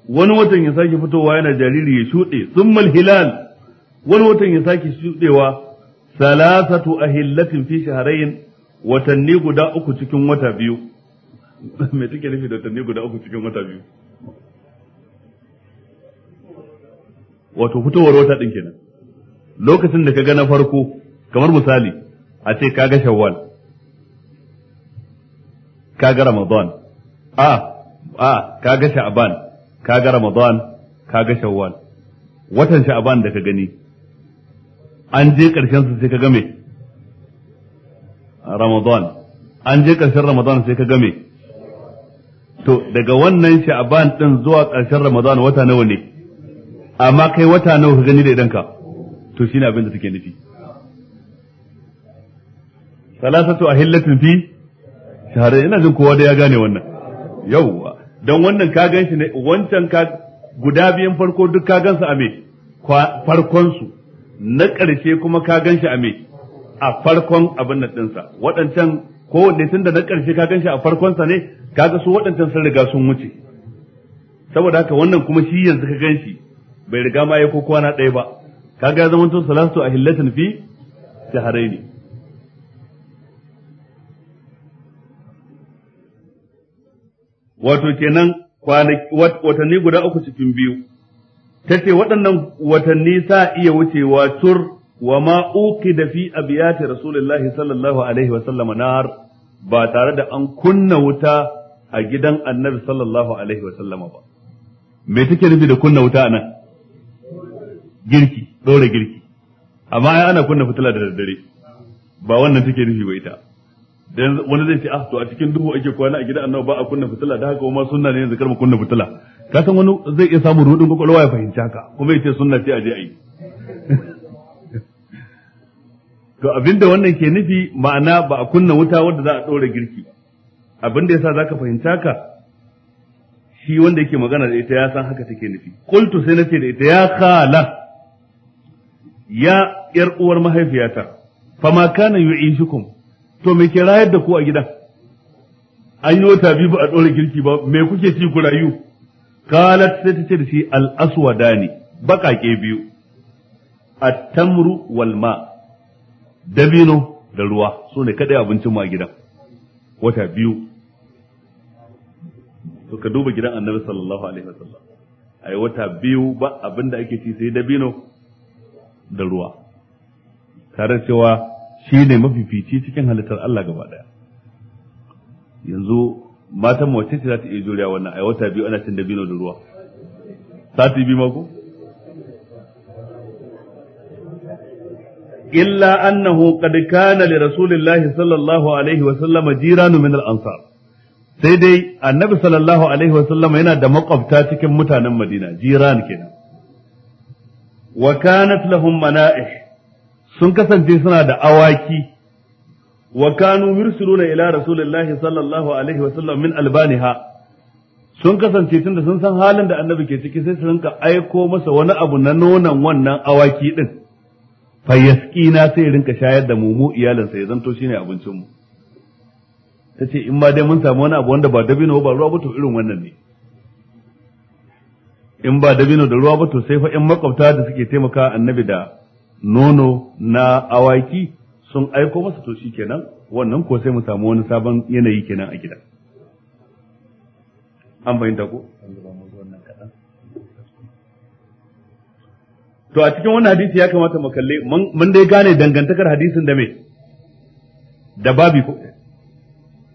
wani watan ya sake fitowa yana jariri ya shuɗe sun summal hilal wani watan ya sake shuɗewa salasatu ahillatin fi shahrayn watanni guda uku cikin wata biyu me take nufi da watanni guda uku cikin wata biyu wato fitowar wata din kenan lokacin da ka ga na farko kamar misali a ce ka ga shawwal ka ga ramadan a a ka ga sha'ban ka ga ramadan ka ga shawwal watan sha'ban da ka gani an je karshen su sai ka ga me ramadan an je karshen ramadan sai ka ga me to daga wannan sha'ban din zuwa karshen ramadan wata nawa ne amma kai wata nawa ka gani da ka to shi ne abin da take nufi salasatu ahillatin fi shahara ina jin kowa da ya gane wannan yauwa dan wannan ka gan shi ne wancan ka guda biyan farko duk ka su a me farkon su na ƙarshe kuma ka gan shi a me a farkon abin nan ɗinsa waɗancan kowanne tun da na ƙarshe ka gan shi a farkonsa ne kaga su waɗancan sun riga sun wuce saboda haka wannan kuma shi yanzu ka gan shi bai riga ma ya ko kwana ɗaya ba kaga ya zamanto salatu a hillatin fi shahararri wato kenan watanni guda uku cikin biyu Ta ce waɗannan watanni sa iya wucewa tur wa ma da fi abiyati rasulullahi sallallahu alaihi wa sallama nar ba tare da an kunna wuta a gidan annabi sallallahu alaihi wa sallama ba me take nufi da kunna wuta anan girki ɗora girki amma ya ana kunna fitila da daddare ba wannan take nufi ba ita dan wani zai ce ah to a cikin duhu ake kwana a gida annabi ba a kunna fitila da haka kuma sunna ne yanzu mu kunna fitila ka san wani zai iya samun rudin kwakwalwa ya fahimci haka kuma ya ce sunna ce a je a to abinda wannan ke nufi ma'ana ba a kunna wuta wadda za a ɗora girki abinda yasa zaka fahimta ka shi wanda yake magana da ita ya san haka take nufi qultu sai nace da ita ya khala ya yar uwar mahaifiyata fama kana yu'ishukum to me ke rayar da ku a gidan an yi wata biyu ba a ɗora girki ba me kuke ci ku rayu kalat sai ta ce da shi al-aswadani baƙaƙe biyu at-tamru wal ma dabino da ruwa su ne kadai abincin mu a gidan wata biyu to ka duba gidan annabi sallallahu alaihi wasallam ai wata biyu ba abinda ake ci sai dabino da ruwa tare cewa shi ne mafifici cikin halittar Allah gaba daya yanzu matan mace ce za ta iya juriya wannan a wata biyu ana cin bino da ruwa sati biyu mako illa annahu qad kana li rasulillahi sallallahu alaihi wa sallama jiranu min al-ansar sai dai annabi sallallahu alaihi wa sallama yana da makwabta cikin mutanen Madina jiran kenan wa kanat lahum mana'ih sun kasance suna da awaki wa kanu yursiluna ila rasulillahi sallallahu alaihi wa sallam min albaniha sun kasance tunda sun san halin da annabi ke ciki sai su rinka aiko masa wani abu na nonan wannan awaki din fayaskina sai rinka shayar da mu mu iyalinsa ya zanto shine abincin mu tace in ma dai mun samu wani abu wanda ba dabino ba ruwa ba to irin wannan ne in ba dabino da ruwa ba to sai fa in makwabta da suke taimaka annabi da nono na awaki sun aiko masa to shi kenan wannan ko sai mu samu wani sabon yanayi kenan a gida an fahimta ko to a cikin wannan hadisi ya kamata mu kalle mun dai gane dangantakar hadisin da me da babi ko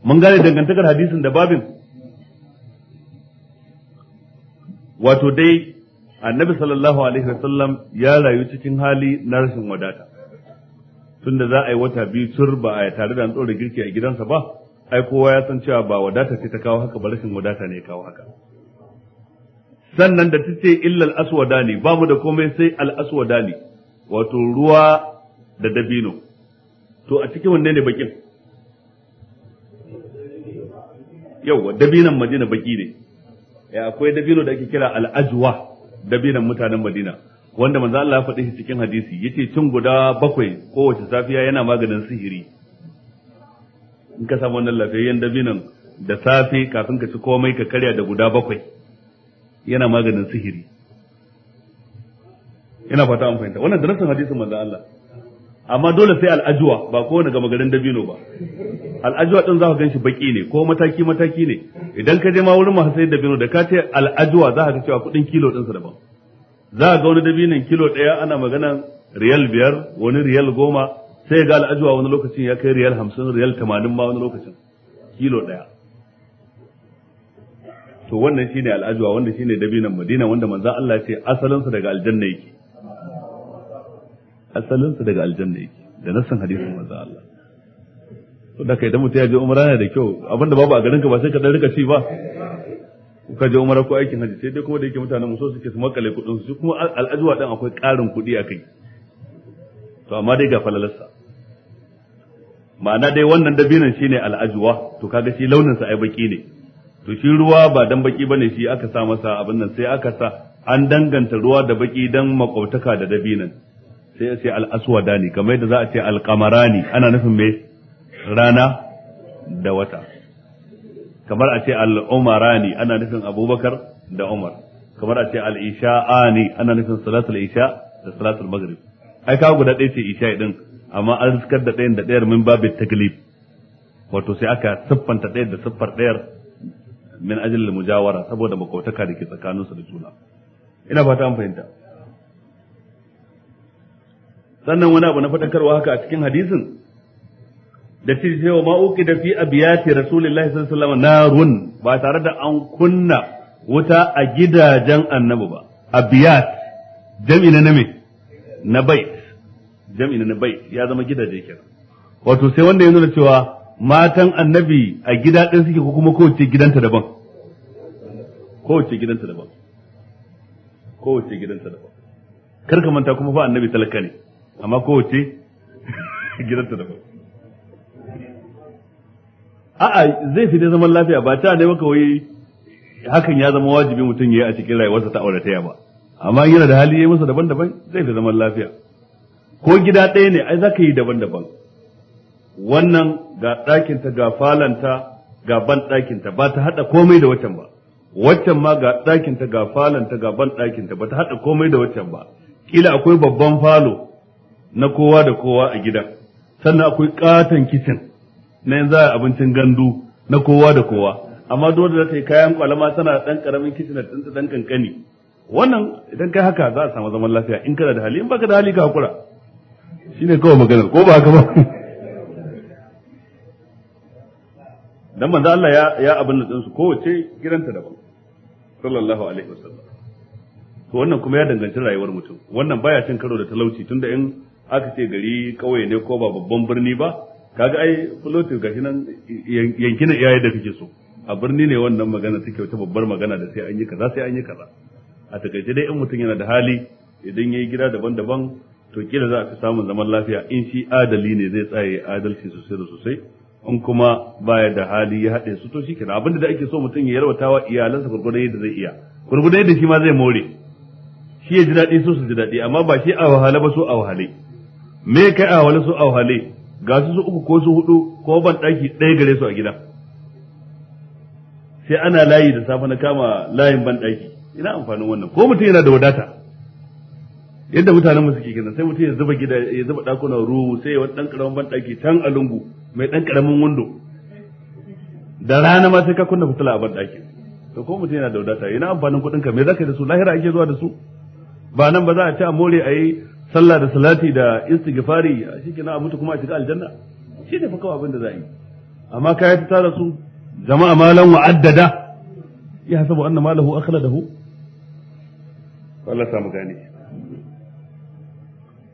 mun gane dangantakar hadisin da babin wato dai annabi sallallahu alaihi wasallam ya rayu cikin hali na rashin wadata tunda za a yi wata biyu tur ba a tare da an girki a gidansa ba ai kowa ya san cewa ba wadata ce ta kawo haka ba rashin wadata ne ya kawo haka sannan da ta ce illal aswadani ne ba mu da komai sai al aswadani wato ruwa da dabino to a cikin wanne ne bakin yauwa dabinan madina baki ne Eh, akwai dabino da ake kira al'ajwa dabinan mutanen Madina wanda manzo Allah ya faɗi shi cikin hadisi yace cin guda bakwai kowace safiya yana maganin sihiri in ka samu wannan lafiyayyen dabinan da safe kafin ka ci komai ka karya da guda bakwai yana maganin sihiri ina fata an fahimta wannan darasin hadisin manzo Allah amma dole sai al'ajuwa ba kowane gama garin dabino ba al'ajuwa din za ka ganshi baki ne ko mataki mataki ne idan ka je ma wurin masu sayar dabino da ka ce al'ajuwa za ka cewa kudin kilo din sa daban za ka ga wani dabinon kilo daya ana magana riyal biyar wani riyal goma sai ga al'ajuwa wani lokacin ya kai riyal hamsin riyal tamanin ma wani lokacin kilo daya to wannan shine al'ajuwa wanda shine dabinon madina wanda manzo Allah ya ce asalinsa daga aljanna yake asalinsa daga aljanna yake da nassan hadisin manzo Allah to da kai da mutum ya je umra yana da kyau abinda babu a garin ka ba sai ka dan rika ci ba ka je umra ko aikin hajji sai dai kuma da yake mutanen mu so suke su makale kudin su kuma al'ajuwa dan akwai karin kudi a kai to amma dai ga falalarsa ma'ana dai wannan dabinan shine al'ajuwa to kaga shi launin sa ai baki ne to shi ruwa ba dan baki bane shi aka sa masa abin nan sai aka sa an danganta ruwa da baki dan makautaka da dabinan sai ya ce al-aswadani kamar yadda za a ce al-qamarani ana nufin me rana da wata kamar a ce al-umarani ana nufin abubakar da umar kamar a ce al-isha'ani ana nufin salatul isha da salatul maghrib ai ka guda ɗaya ce isha ɗin, amma an riskar da ɗayan da ɗayar min babu taklif wato sai aka siffanta ɗaya da siffar ɗayar min ajin mujawara saboda makotaka da ke tsakaninsu da juna ina fata an fahimta sannan wani abu na fadakarwa haka a cikin hadisin da ce cewa ma uki da fi abiyati rasulullahi sallallahu alaihi wasallam narun ba tare da an kunna wuta a gidajen annabi ba abiyat jami na me na bait jami na bait ya zama gidaje kenan wato sai wanda ya nuna cewa matan annabi a gida ɗin suke ko kuma kowace gidanta daban kowace gidanta daban kowace gidanta daban kar ka manta kuma fa annabi talaka ne amma kowace gidanta daban a'a zai fi dai zaman lafiya ba ta ne maka wai hakan ya zama wajibi mutum ya yi a cikin rayuwarsa ta aure ta ba amma yana da hali ya masa daban-daban zai fi zaman lafiya ko gida ɗaya ne ai za ka yi daban-daban wannan ga ɗakinta ga falanta ga ban ɗakinta ba ta haɗa komai da waccan ba waccan ma ga ɗakinta ga falanta ga ban ɗakinta ba ta haɗa komai da waccan ba kila akwai babban falo na kowa da kowa a gida sannan akwai katon kicin na yanzu a abincin gandu na kowa da kowa amma dole da ta yi kayan kwalama tana dan karamin kicin da ɗan dan kankani wannan idan kai haka za a samu zaman lafiya in kana da hali in baka da hali ka hakura shine kawai maganar ko ba haka ba dan manzo Allah ya ya abin da su kowace gidanta daban sallallahu alaihi wasallam to wannan kuma ya danganci rayuwar mutum wannan baya cin karo da talauci tunda in aka ce gari kawai ne ko ba babban birni ba kaga ai fulotin shi nan yankina iyaye da kake so a birni ne wannan magana take wata babbar magana da sai an yi kaza sai an yi kaza a takaice dai in mutum yana da hali idan yayi gida daban-daban to kila za a fi samun zaman lafiya in shi adali ne zai tsaye adalci sosai da sosai in kuma baya da hali ya haɗe su to shi kenan abinda da ake so mutum ya wa iyalansa gurgurdan yadda zai iya gurgurdan yadda shi ma zai more shi ya ji daɗi su su ji daɗi amma ba shi a wahala ba su a wahale me kai a wani su auhale ga su su uku ko su hudu ko ban daki ɗaya gare su a gida sai ana layi da safe na kama layin ban daki ina amfanin wannan ko mutum yana da wadata yadda mutanen mu suke kenan sai mutum ya zuba gida ya zuba dakuna ruwa sai wani dan karamin ban daki tan a lungu mai dan karamin wando da rana ma sai ka kunna fitila a ban daki to ko mutum yana da wadata ina amfanin kuɗin ka me zaka da su lahira ake zuwa da su ba nan ba za a ci a more a yi sallah da salati da istighfari shike na abuta kuma a shiga aljanna shi ne fa abin da za a yi amma kaya ta tara su jama'a malan wa'addada ya hasabu anna malahu akhladahu Allah samu gane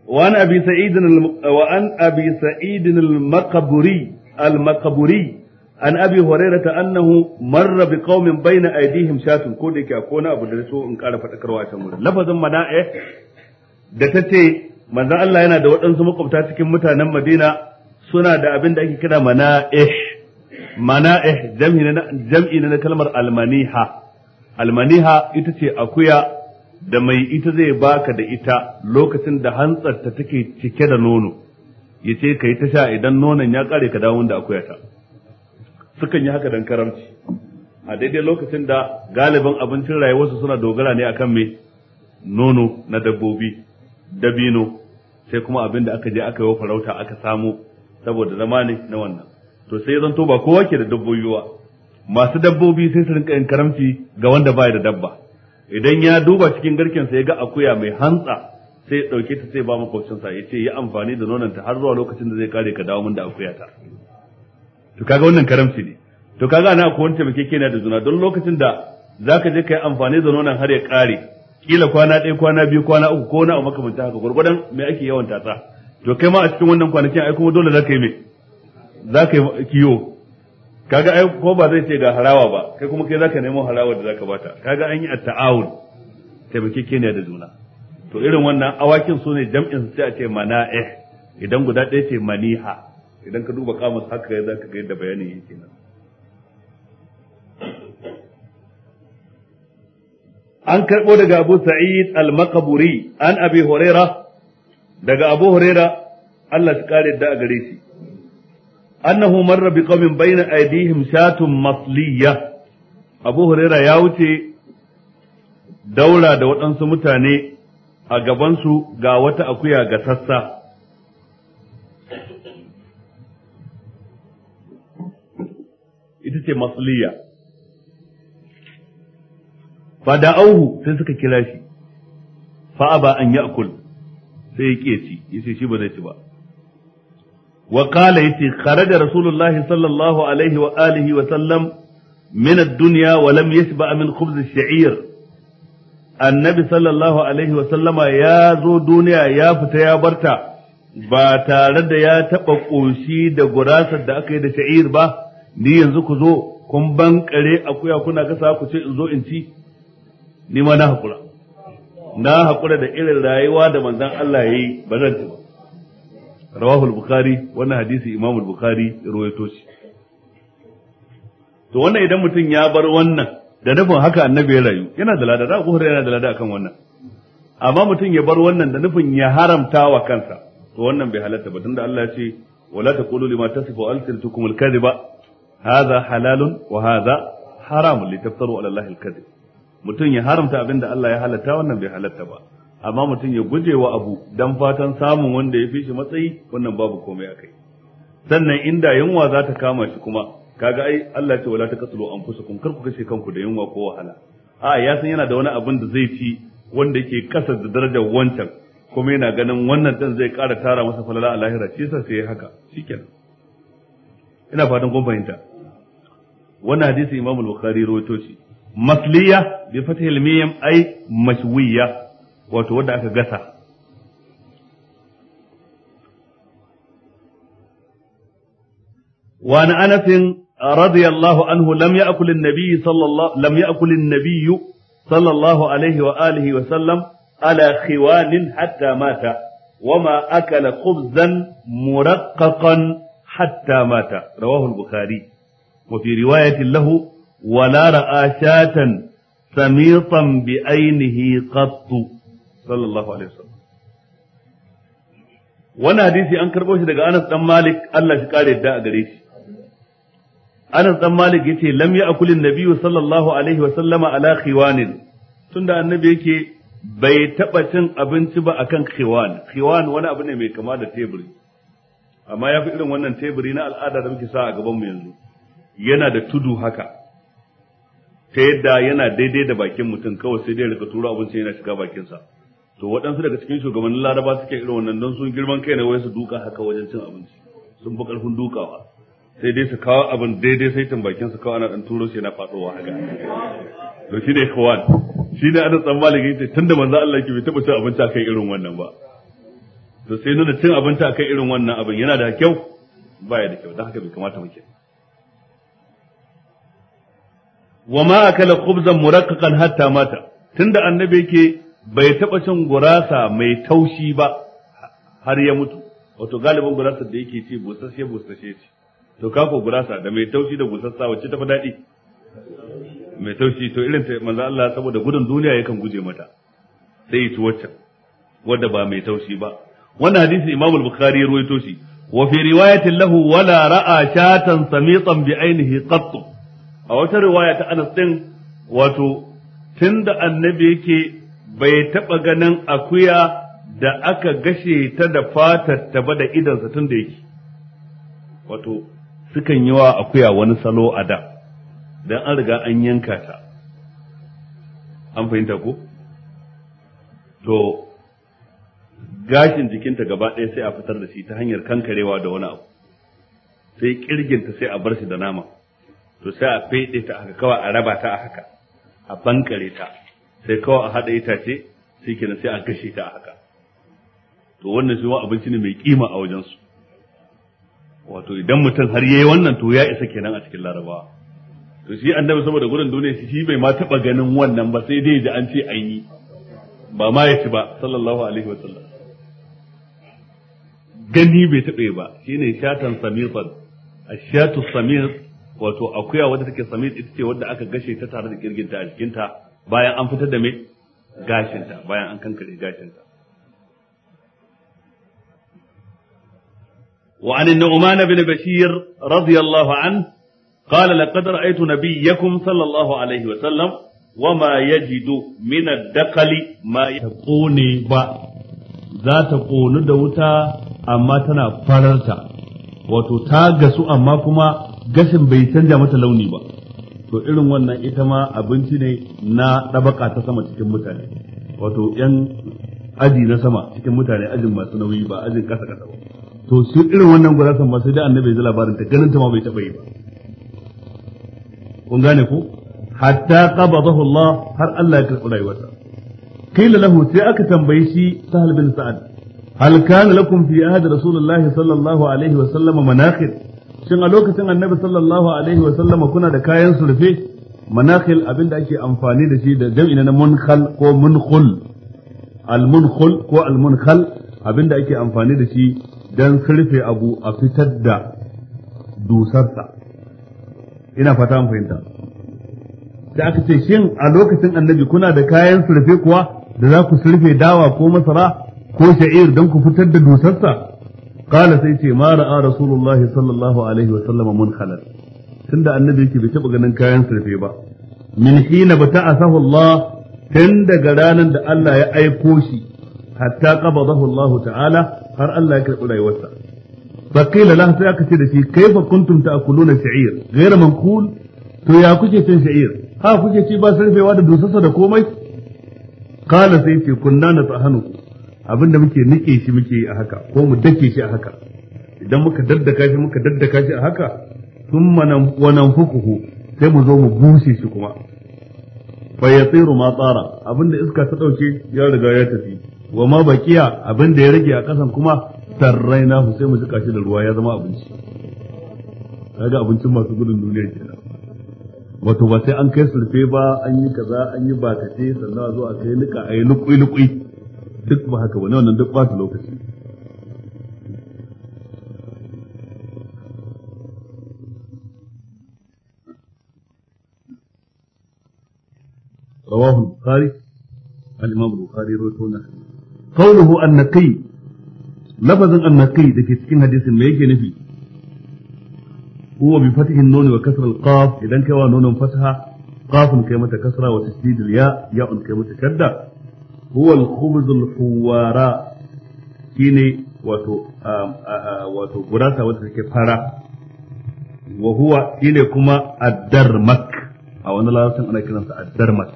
al أبي an abi وعن أبي سعيد المقبري المقبري عن أبي هريرة أنه مر بقوم بين أيديهم شاة كودك أكون أبو درسو إن قال فتكروا أتمنى mana eh. da ta ce manzan Allah yana da waɗansu makwabta cikin mutanen Madina suna da abin da ake kira mana'ih mana'ih jam'i na kalmar almaniha almaniha ita ce akuya da mai ita zai baka da ita lokacin da hantsarta take cike da nono ya ce ka yi ta sha idan nonon ya kare ka dawo da akuya ta sukan yi haka don karamci a daidai lokacin da galibin abincin rayuwarsu suna dogara ne akan mai nono na dabbobi dabino sai kuma abin da aka je aka yi wa farauta aka samu saboda zama ne na wannan to sai zanto ba kowa ke da dabbobi ba masu dabbobi sai su rinka yin karamci ga wanda ba da dabba idan ya duba cikin garken sa ya ga akuya mai hantsa sai ya dauke ta sai ba makwabcin sa yace yi amfani da nonon ta har zuwa lokacin da zai kare ka dawo mun da akuya ta to kaga wannan karamci ne to kaga ana akwai wani taimakekeniya da juna don lokacin da zaka je ka yi amfani da nonon har ya kare kila kwana ɗaya kwana biyu kwana uku ko na a makamanta haka gurgurdan me ake yawan tatsa to kai ma a cikin wannan kwanakin ai kuma dole za ka yi me za ka yi kiyo kaga ai ko ba zai ce ga harawa ba kai kuma kai za ka nemo harawa da za ka bata kaga an yi a taawun taimakekeniya da juna to irin wannan awakin su ne jam'in sai a ce eh idan guda ɗaya ce maniha idan ka duba kamus haka za ka ga yadda bayanin yake nan an karɓo daga Abu Sa'id al Makaburi an Abi Huraira daga Abu Huraira Allah ya kare da gare shi annahu marra bi qawmin bayna aydihim shatun masliya Abu Huraira ya wuce daura da waɗansu mutane a gabansu ga wata akuya ga sassa ita ce masliya fa auhu sai suka kira shi fa aba an ya'kul sai yake ci yace shi ba zai ci ba wa qala yace kharaja rasulullah sallallahu alaihi wa alihi wa sallam min ad-dunya wa lam yashba min khubz ash-sha'ir annabi sallallahu alaihi wa sallama ya zo duniya ya fita ya barta ba tare da ya taɓa ƙunshi da gurasar da aka yi da sha'ir ba ni yanzu ku zo kun bankare akuya kuna gasa ku ce in zo in ci ni ma na haƙura na haƙura da irin rayuwa da manzan Allah ya yi ba zan ci ba rawahul bukhari wannan hadisi imamul bukhari ruwaito shi to wannan idan mutum ya bar wannan da nufin haka annabi ya rayu yana da lada da Hurairah yana da lada akan wannan amma mutum ya bar wannan da nufin ya haramta wa kansa to wannan bai halatta ba tunda Allah ya ce wala taqulu lima tasifu alsinatukum alkadhiba hadha halalun wa hadha haramun litaftaru ala allahi alkadhib mutum ya haramta abin da Allah ya halatta wannan bai halatta ba amma mutum ya guje wa abu dan fatan samun wanda ya fi shi matsayi wannan babu komai a kai sannan inda yunwa za ta kama shi kuma kaga ai Allah ce wala ta an anfusakum kun ku kashe kanku da yunwa ko wahala a ya san yana da wani abin da zai ci wanda yake kasa da darajar wancan kuma yana ganin wannan din zai ƙara tara masa falala a lahira shi yasa sai haka shikenan ina fatan kun fahimta wannan hadisi Imam Bukhari rawaito shi masliya bi الميم أي ai mashwiya wato wadda aka gasa وعن انس رضي الله عنه لم ياكل النبي صلى الله لم ياكل النبي صلى الله عليه واله وسلم على خوان حتى مات وما اكل خبزا مرققا حتى مات رواه البخاري وفي روايه له wala ra'a shatan samitan bi ainihi qattu sallallahu alaihi wasallam wannan hadisi an karbo shi daga Anas dan Malik Allah shi kare yadda a gare shi Anas dan Malik yace lam ya'kul an-nabiyyu sallallahu alaihi sallama ala khiwanin tunda annabi yake bai taɓa cin abinci ba akan khiwan khiwan wani abu ne mai kama da teburi amma ya fi irin wannan teburi na al'ada da muke sa a gabanmu yanzu yana da tudu haka ta yadda yana daidai da bakin mutum kawai sai dai rika turo abinci yana shiga bakinsa to waɗansu daga cikin shugabannin laraba suke irin wannan don sun girman kai ne wai su duka haka wajen cin abinci sun fi ƙarfin dukawa sai dai su kawo abin daidai sai tambakin su kawo ana ɗan turo shi yana faɗowa haka to shi ne kawai shi ne ana tsammanin tsammalin tun da manzo Allah ke bai taɓa cin abinci akan irin wannan ba to sai nuna cin abinci akan irin wannan abin yana da kyau baya da kyau don haka bai kamata mu kenan wa ma akala khubzan murakkaqan hatta mata tunda annabi yake bai taba cin gurasa mai taushi ba har ya mutu wato galibin gurasa da yake ci busasshe busasshe ce to kafo gurasa da mai taushi da busassa wacce tafi daɗi mai taushi to irin ta manzo Allah saboda gudun duniya yakan guje mata sai ya ci wacce wadda ba mai taushi ba wannan hadisi Imam al-Bukhari ya ruwaito shi wa fi riwayatin lahu wala ra'a shatan samitan bi ainihi qattu a wata riwaya ta Anas din wato tunda annabi yake bai taɓa ganin akuya da aka gashe ta da fatar ta ba da idansa tunda yake wato sukan yi wa akuya wani salo a da dan an riga an yanka ta an fahimta ko to gashin jikinta gaba ɗaya sai a fitar da shi ta hanyar kankarewa da wani abu sai kirginta sai a bar shi da nama to sai a fede ta haka kawai a raba ta a haka a bankare ta sai kawai a ita itace sai kenan sai a gashe ta a haka to wannan shi wa abinci ne mai kima a wajen su wato idan mutum har yayi wannan to ya isa kenan a cikin larabawa to shi annabi saboda gurin duniya shi bai ma taba ganin wannan ba sai dai ji an ce an yi ba ma ya ci ba sallallahu alaihi wasallam gani bai taɓa ba shine shatan a ashatu samir wato akuya wadda take sami ita ce wadda aka gashe ta tare da kirginta a jikinta bayan an fitar da mai gashinta bayan an kankare gashinta وعن النعمان بن بشير رضي الله عنه wa لقد رأيت نبيكم صلى الله عليه وسلم وما يجد Ba za ta يقوني da wuta, amma tana fararta, wato ta gasu amma kuma. gashin bai canja mata launi ba to irin wannan ita ma abinci ne na ɗabaka ta sama cikin mutane wato yan aji na sama cikin mutane ajin masu nauyi ba ajin kasa kasa ba to su irin wannan gurasan ma sai da annabi ya labarin ta ganin ta ma bai taɓa yi ba kun gane ko hatta qabadahu Allah har Allah ya karɓi rayuwarsa qila lahu sai aka tambaye shi sahal bin sa'ad hal kana lakum fi ahd rasulullahi sallallahu alaihi wa sallama manaqib shin a lokacin annabi sallallahu alaihi wa sallama kuna da kayan surfe manakhil abinda ake amfani da shi da jam'i na munkhal ko munkhul al munkhul ko al munkhal abinda ake amfani da shi dan surfe abu a fitar da dusar sa. ina fata mun fahimta da aka ce shin a lokacin annabi kuna da kayan surfe kuwa da za ku surfe dawa ko masara ko sha'ir don ku fitar da dusar sa? qala sai ce ma ra'a rasulullahi sallallahu alaihi wa sallama munkhalan tunda annabi yake bai taba ganin kayan sarfe ba min hina bata'asahu Allah tun daga ranar da Allah ya aiko shi hatta qabadahu Allah ta'ala har Allah ya karbi rayuwarsa fa qila lahu sai aka ce da shi kaifa kuntum ta'kuluna sha'ir ghayra manqul to ya kuke cin sha'ir ha kuke ci ba sarfewa da dusasa da komai qala sai ce kunna natahanu Abin da muke nike shi muke yi a haka ko mu dake shi a haka idan muka daddaka shi muka daddaka shi a haka thumma wanan hukuku sai mu zo mu bushe shi kuma fa tsiru ma tsara Abin da iska ta dauke ya riga ya tafi wa ma abin da ya rage a kasan kuma hu sai mu jika shi da ruwa ya zama abinci kaga abincin masu gudun duniya kenan wato ba sai an kai sulfe ba an yi kaza an yi bakate sannan a zo a kai nika a yi lukui lukui duk ba haka ba ne wannan duk lokaci رواه البخاري الإمام البخاري روتونا قوله النقي لفظ النقي ذكي سكين حديث ما يجي نبي هو بفتح النون وكسر القاف إذا كوا نون فتحة قاف كلمة كسرة وتشديد الياء ياء كلمة كدة huwa al-khubz al-huwara shine wato wato gurasa wanda take fara wa huwa shine kuma ad-darmak a wani larabcin ana kiransa ad-darmak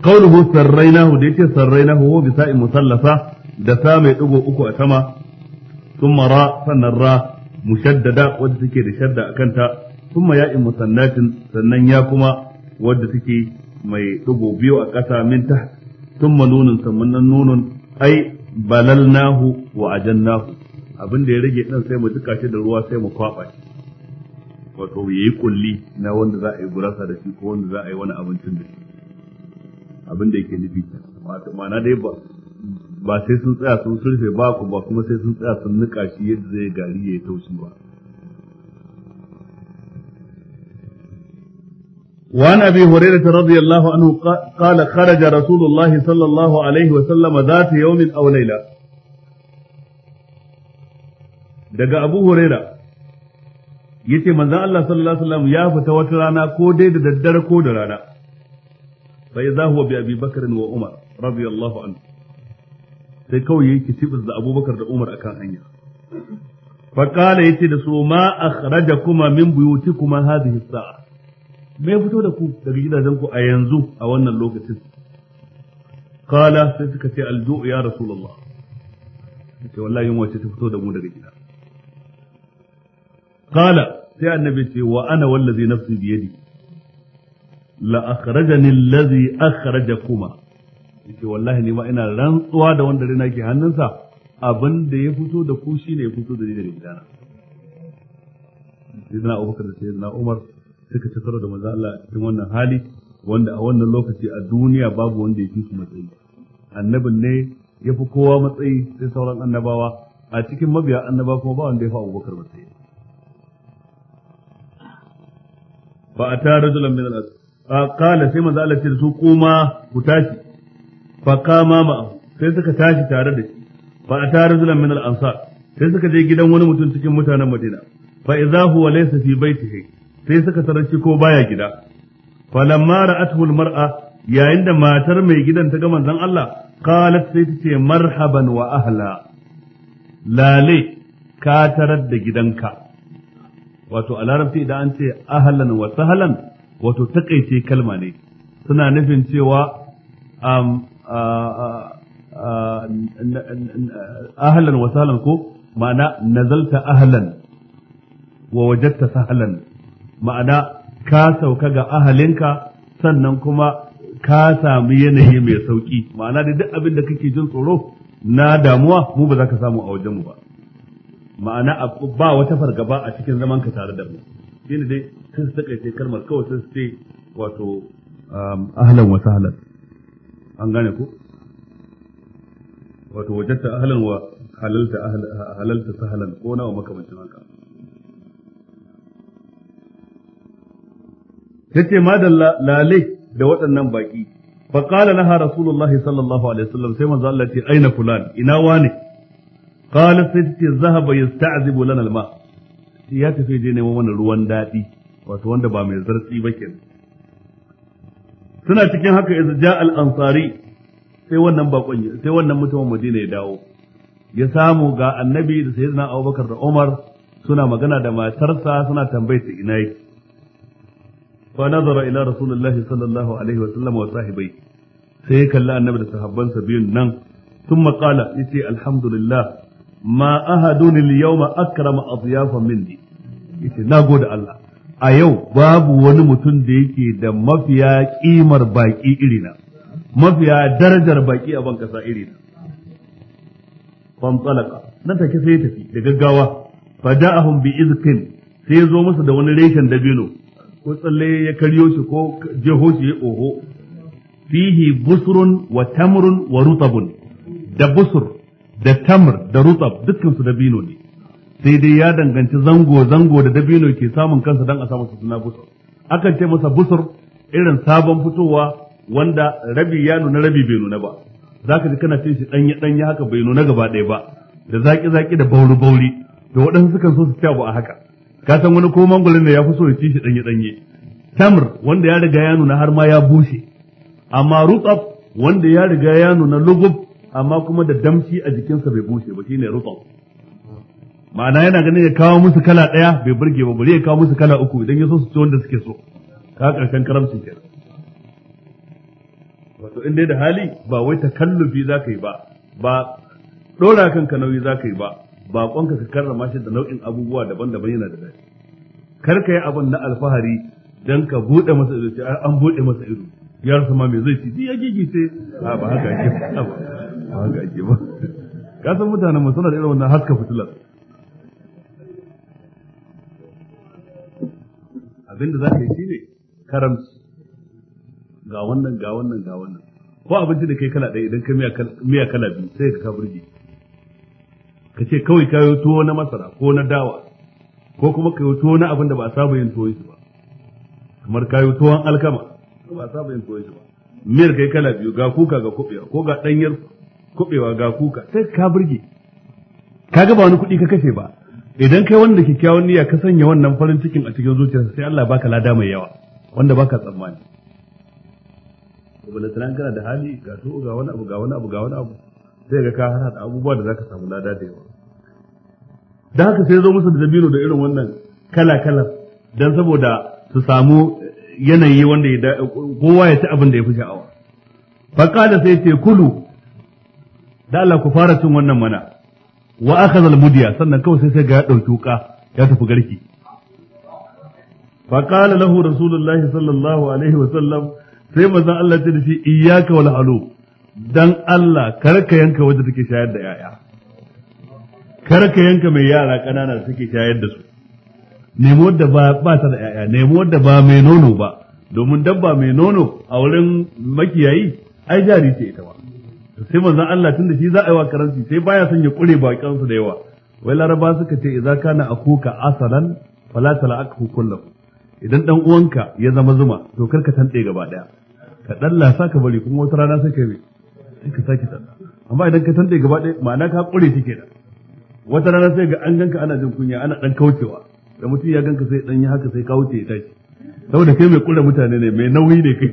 qawluhu sarraynahu da yace sarraynahu wa bi sa'in musallasa da sa mai digo uku a sama thumma ra sannan ra mushaddada wadda take da shadda a kanta kuma ya'in musannatin sannan ya kuma wadda take mai digo biyu a ƙasa min ثم نون ثم نون ai بللناه wa ajannahu abin da ya rage din sai mu tuka shi da ruwa sai mu kwaba shi wato yi kulli na wanda za a yi gurasa da shi ko wanda za a yi wani abincin da shi abin da yake nufi wato ma'ana dai ba ba sai sun tsaya sun surfe ba ku ba kuma sai sun tsaya sun nika shi yadda zai gari ya yi taushi ba وعن أبي هريرة رضي الله عنه قال خرج رسول الله صلى الله عليه وسلم ذات يوم أو ليلة daga Abu Huraira yace manzon Allah sallallahu alaihi wasallam ya fita wata rana ko dai da daddare ko da rana fa idza huwa bi Abi Bakr wa Umar radiyallahu anhu sai kawai yake tibis da Abubakar da Umar akan hanya fa yace da su ma akhrajakuma min buyutikuma hadhihi sa'a me ya fito da ku daga gidajen ku a yanzu a wannan lokacin kala sai suka ce alju'u ya rasulullah ce wallahi yunwa ce ta fito da mu daga gida kala sai annabi ce wa ana wallazi nafsi biyadi la akhrajani allazi akhrajakuma yace wallahi ne ma ina rantsuwa da wanda rina ke hannunsa abin da ya fito da ku shine ya fito da ni daga gidana sai na Abubakar da sai na Umar suka ci karo da manzo Allah a cikin wannan hali wanda a wannan lokaci a duniya babu wanda ya fi su matsayi annabin ne ya fi kowa matsayi sai sauran annabawa a cikin mabiya annaba kuma ba wanda ya fi abubakar matsayi a ata rajulan min al a kala sai manzo Allah ce da su kuma ku tashi fa kama ma sai suka tashi tare da shi fa ata rajulan min al-ansar sai suka je gidan wani mutum cikin mutanen Madina fa idza huwa laysa fi baitihi sai suka tarar shi ko baya gida falamma ra'atuhu mar'a yayin da matar mai gidan ta ga manzon Allah qalat sai ta ce marhaban wa ahla lale ka tarar da gidanka wato a larabci idan an ce ahlan wa sahlan wato takaice kalma ne suna nufin cewa ahlan wa sahlan ko ma'ana nazalta ahlan wa wajadta sahlan ma'ana ka sauka ga ahalinka sannan kuma ka sami yanayi mai sauki ma'ana da duk abin da kake jin tsoro na damuwa mu ba za ka samu a wajenmu ba ma'ana ba wata fargaba a cikin zaman ka tare da mu shine dai sun su takaice kalmar kawai sun su ce wato um, ahlan wa sahlan an gane ku wato wajatta ahlan wa halalta halalta sahlan ko na wa makamancin haka tace madalla lalai da waɗannan baki fa qala laha rasulullahi sallallahu alaihi wasallam sai manzo Allah ce aina fulan ina wane qala sitti zahaba yasta'zibu lana alma ya tafi je neman wani ruwan dadi wato wanda ba mai zartsi ba suna cikin haka idza ja al ansari sai wannan bakon sai wannan mutumin Madina ya dawo ya samu ga annabi da sayyidina Abubakar da Umar suna magana da matarsa suna tambayar ina yake fa nazara ila rasulullahi sallallahu alaihi wa sallam wa sahibai sai ya kalli annabi da sahabbansa biyun nan sun maƙala. yace alhamdulillah ma ahadun al-yawma akrama adyafan minni yace nagode Allah a yau babu wani mutum da yake da mafiya ƙimar baki irina mafiya darajar baƙi a ban kasa irina fantalaka nan take sai ya tafi da gaggawa fada'ahum bi izkin sai ya zo masa da wani reshen dabino ko tsalle ya karyo shi ko jeho shi ya oho fihi busrun wa tamrun wa rutabun da busur da tamr da rutab dukkan su dabino ne sai dai ya danganci zango zango da dabino ke samun kansa dan a samu suna busur akan ce masa busur irin sabon fitowa wanda rabi ya nuna rabi bai nuna ba zaka ji kana cin shi ɗanye danye haka bai nuna gaba ɗaya ba da zaki zaki da bauri bauri to waɗansu sukan so su ci abu a haka ka san wani ko mangulin da ya fi so ya ci shi danye danye tamr wanda ya riga ya nuna har ma ya bushe amma rutsaf wanda ya riga ya nuna lugub amma kuma da damshi a jikinsa bai bushe ba shine rutsaf ma'ana yana ganin ya kawo musu kala ɗaya bai burge ba bari ya kawo musu kala uku idan ya so su ci wanda suke so ka karshen karamci kenan wato in dai da hali ba wai takallubi za ka yi ba ba dora kanka nauyi za ka yi ba baƙonka ka karrama shi da nau'in abubuwa daban-daban yana da daɗi kar ka yi abin na alfahari don ka buɗe masa ido ce an buɗe masa ido ya rasa ma me zai ci ya gigice a ba haka ake ba ba haka ake ba ka san mutanen mu suna da irin wannan haska fitilar abinda za ka yi shine karamci ga wannan ga wannan ga wannan ko abinci da kai kala ɗaya idan ka miya kala biyu sai ka kaburge ka ce kawai ka yi tuwo na masara ko na dawa ko kuma ka yi tuwo na abin da ba a saba yin tuwo shi ba kamar ka yi tuwon alkama ba a saba yin tuwo shi ba miyar kai kala biyu ga kuka ga kubewa ko ga danyar kubewa ga kuka sai ka burge ka ga ba wani kuɗi ka kashe ba idan kai wanda kyakkyawan niyya ka sanya wannan farin cikin a cikin zuciyarsa sai Allah baka lada mai yawa wanda baka tsammani wala tsanan kana da hali ga to ga wani abu ga wani abu ga wani abu sai ga ka hada abubuwa da zaka samu lada da yawa da haka sai zo musu da zabino da irin wannan kala kala dan saboda su samu yanayi wanda ya kowa ya ci abin da ya fi sha'awa faqala sai ce kulu da Allah ku fara cin wannan mana wa akhadha al sannan kawai sai sai ga ya dauki wuka ya tafi garki faqala lahu rasulullahi sallallahu alaihi wa sallam sai mazan Allah ya ce da shi iyyaka wal halu dan Allah karka yanka wanda take shayar da yaya kar ka yanka mai yara ƙanana da suke shayar da su nemo da ba ba ta da 'ya'ya nemo da ba mai nono ba domin dabba mai nono a wurin makiyayi ai jari ce ita ba sai manzon Allah tunda shi za a yi wa karanci sai baya son ya kure bakin su da yawa wai laraba suka ce idza kana akuka asalan fala talaqahu kullahu idan dan uwanka ya zama zuma to kar ka tante gaba daya ka dan bari kuma wata rana sai ka yi sai ka saki tanda amma idan ka tante gaba daya ma'ana ka kure shi kenan wata rana sai ga an ganka ana jin kunya ana dan kaucewa da mutum ya ganka sai dan yi haka sai kauce ya tashi saboda kai mai kula mutane ne mai nauyi ne kai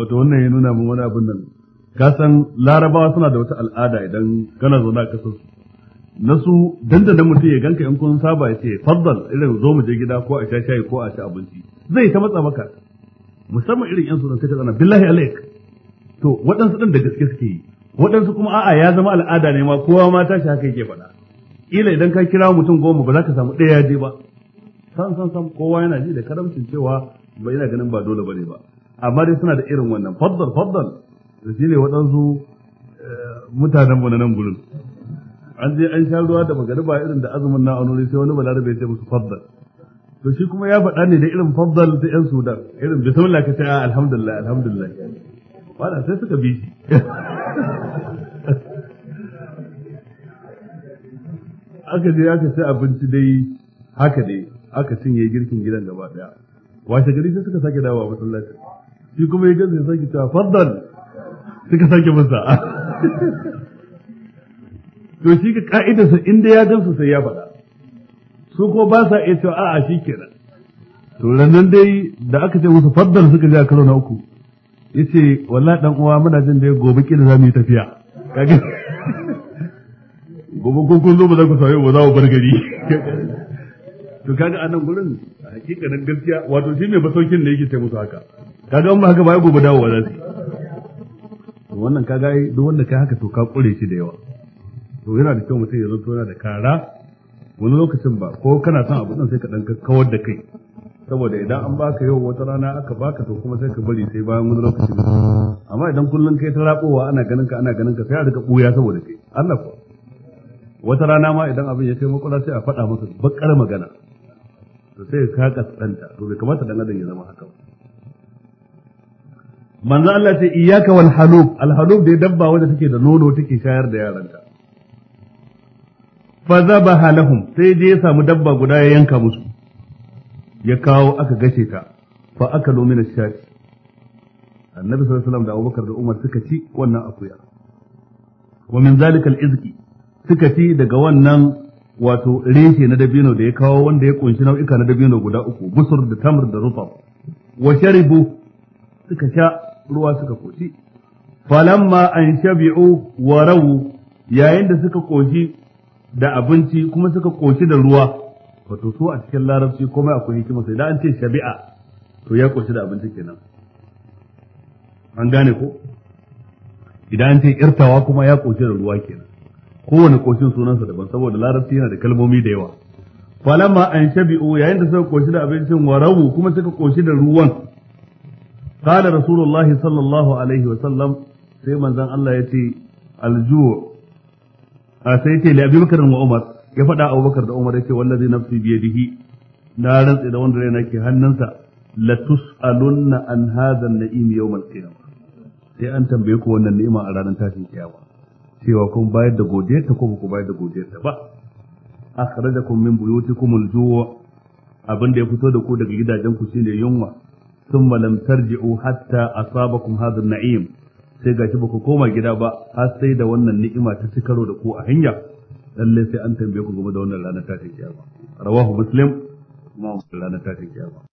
wato wannan ya nuna min wani abin nan ka san larabawa suna da wata al'ada idan kana zaune a kasar su na su dandanda mutum ya ganka in kun saba ya ce faddal irin zo mu je gida ko a sha shayi ko a ci abinci zai ta matsa maka musamman irin yan sunan kace zana billahi alaik to waɗansu ɗin da gaske suke yi waɗansu kuma a'a ya zama al'ada ne ma kowa ma tashi haka yake faɗa ila idan ka kira mutum goma ba za ka samu ɗaya je ba san san san kowa yana ji da karamcin cewa ba ina ganin ba dole bane ba amma dai suna da irin wannan faddal faddal da shi ne waɗansu eh, mutanen mu na nan gurin an je an sha ruwa da ba irin da azumin na anuri sai wani balarabe bai ce musu faddal to shi kuma ya faɗa ne da irin faddal ta yan sudan irin bismillah ka ce ah, alhamdulillah alhamdulillah wala sai suka bi shi aka je aka ci abinci dai haka dai aka cinye girkin gidan gaba daya washe gari sai suka sake dawowa masallaci shi kuma ya gaza ya sake cewa faddal suka sake masa to shi ka ka'idarsa inda ya gamsu sai ya faɗa su ko ba sa iya cewa a'a shi kenan to ranar dai da aka ce musu faddal suka je a karo na uku yace wallahi dan uwa muna jin da gobe kila za mu yi tafiya kage gobe ko kun zo ba za ku sami ba za ku bar gari to kaga anan gurin a hakikanin gaskiya wato shi ne basaukin ne yake ce musu haka kaga an ba haka ba gobe dawowa za su wannan kaga duk wanda kai haka to ka kure shi da yawa to yana da kyau mutum ya zanto yana da kara wani lokacin ba ko kana son abu sai ka dan kawar da kai saboda idan an baka yau wata rana aka baka to kuma sai ka bari sai bayan wani lokaci amma idan kullum kai ta rabowa ana ganin ka ana ganin ka sai a riga buya saboda kai Allah ko wata rana ma idan abin ya kai makula sai a faɗa masa bakar magana to sai ka kasanta to bai kamata dan adam ya zama haka ba manzo Allah ce iyyaka wal halub al halub dai dabba wanda take da nono take shayar da yaranta fa zabaha lahum sai je ya samu dabba guda ya yanka musu ya kawo aka gashe ta fa aka nomina mina shati annabi sallallahu alaihi wasallam da Abubakar da Umar suka ci wannan akuya wa min zalikal izki suka ci daga wannan wato reshe na dabino da ya kawo wanda ya kunshi nau'ika na dabino guda uku busur da tamur da rufa wa sharibu suka sha ruwa suka koshi falamma an shabi'u wa rawu yayin da suka koshi da abinci kuma suka koshi da ruwa wato su a cikin larabci komai akwai hikima sai da an ce shabi'a to ya koshi da abinci kenan an gane ko idan an ce irtawa kuma ya koshi da ruwa kenan kowane koshin sunansa daban saboda larabci yana da kalmomi da yawa falamma an shabi'u yayin da suka koshi da abincin warabu kuma suka koshi da ruwan qala rasulullahi sallallahu alaihi wa sallam sai manzon Allah ya ce alju' a sai ce li abubakar wa umar ya faɗa abubakar da umar yace wallazi nafsi bi yadihi na rantsi da wanda raina ke hannunsa la tus'alunna an hadha an-na'im yawm al-qiyamah sai an tambaye ku wannan ni'ima a ranar tashin kiyama cewa kun bayar da godiyarta ko ku bayar da godiyarta ba a kun min buyoti al-ju' abin da ya fito da ku daga gidajen ku shine yunwa sun malamtar tarji'u hatta asabakum hadhal naim sai gashi baku koma gida ba har sai da wannan ni'ima ta ci karo da ku a hanya lalle sai an tambaye ku game da wannan ranar tashin kiyama rawahu muslim kuma ranar tashin kiyama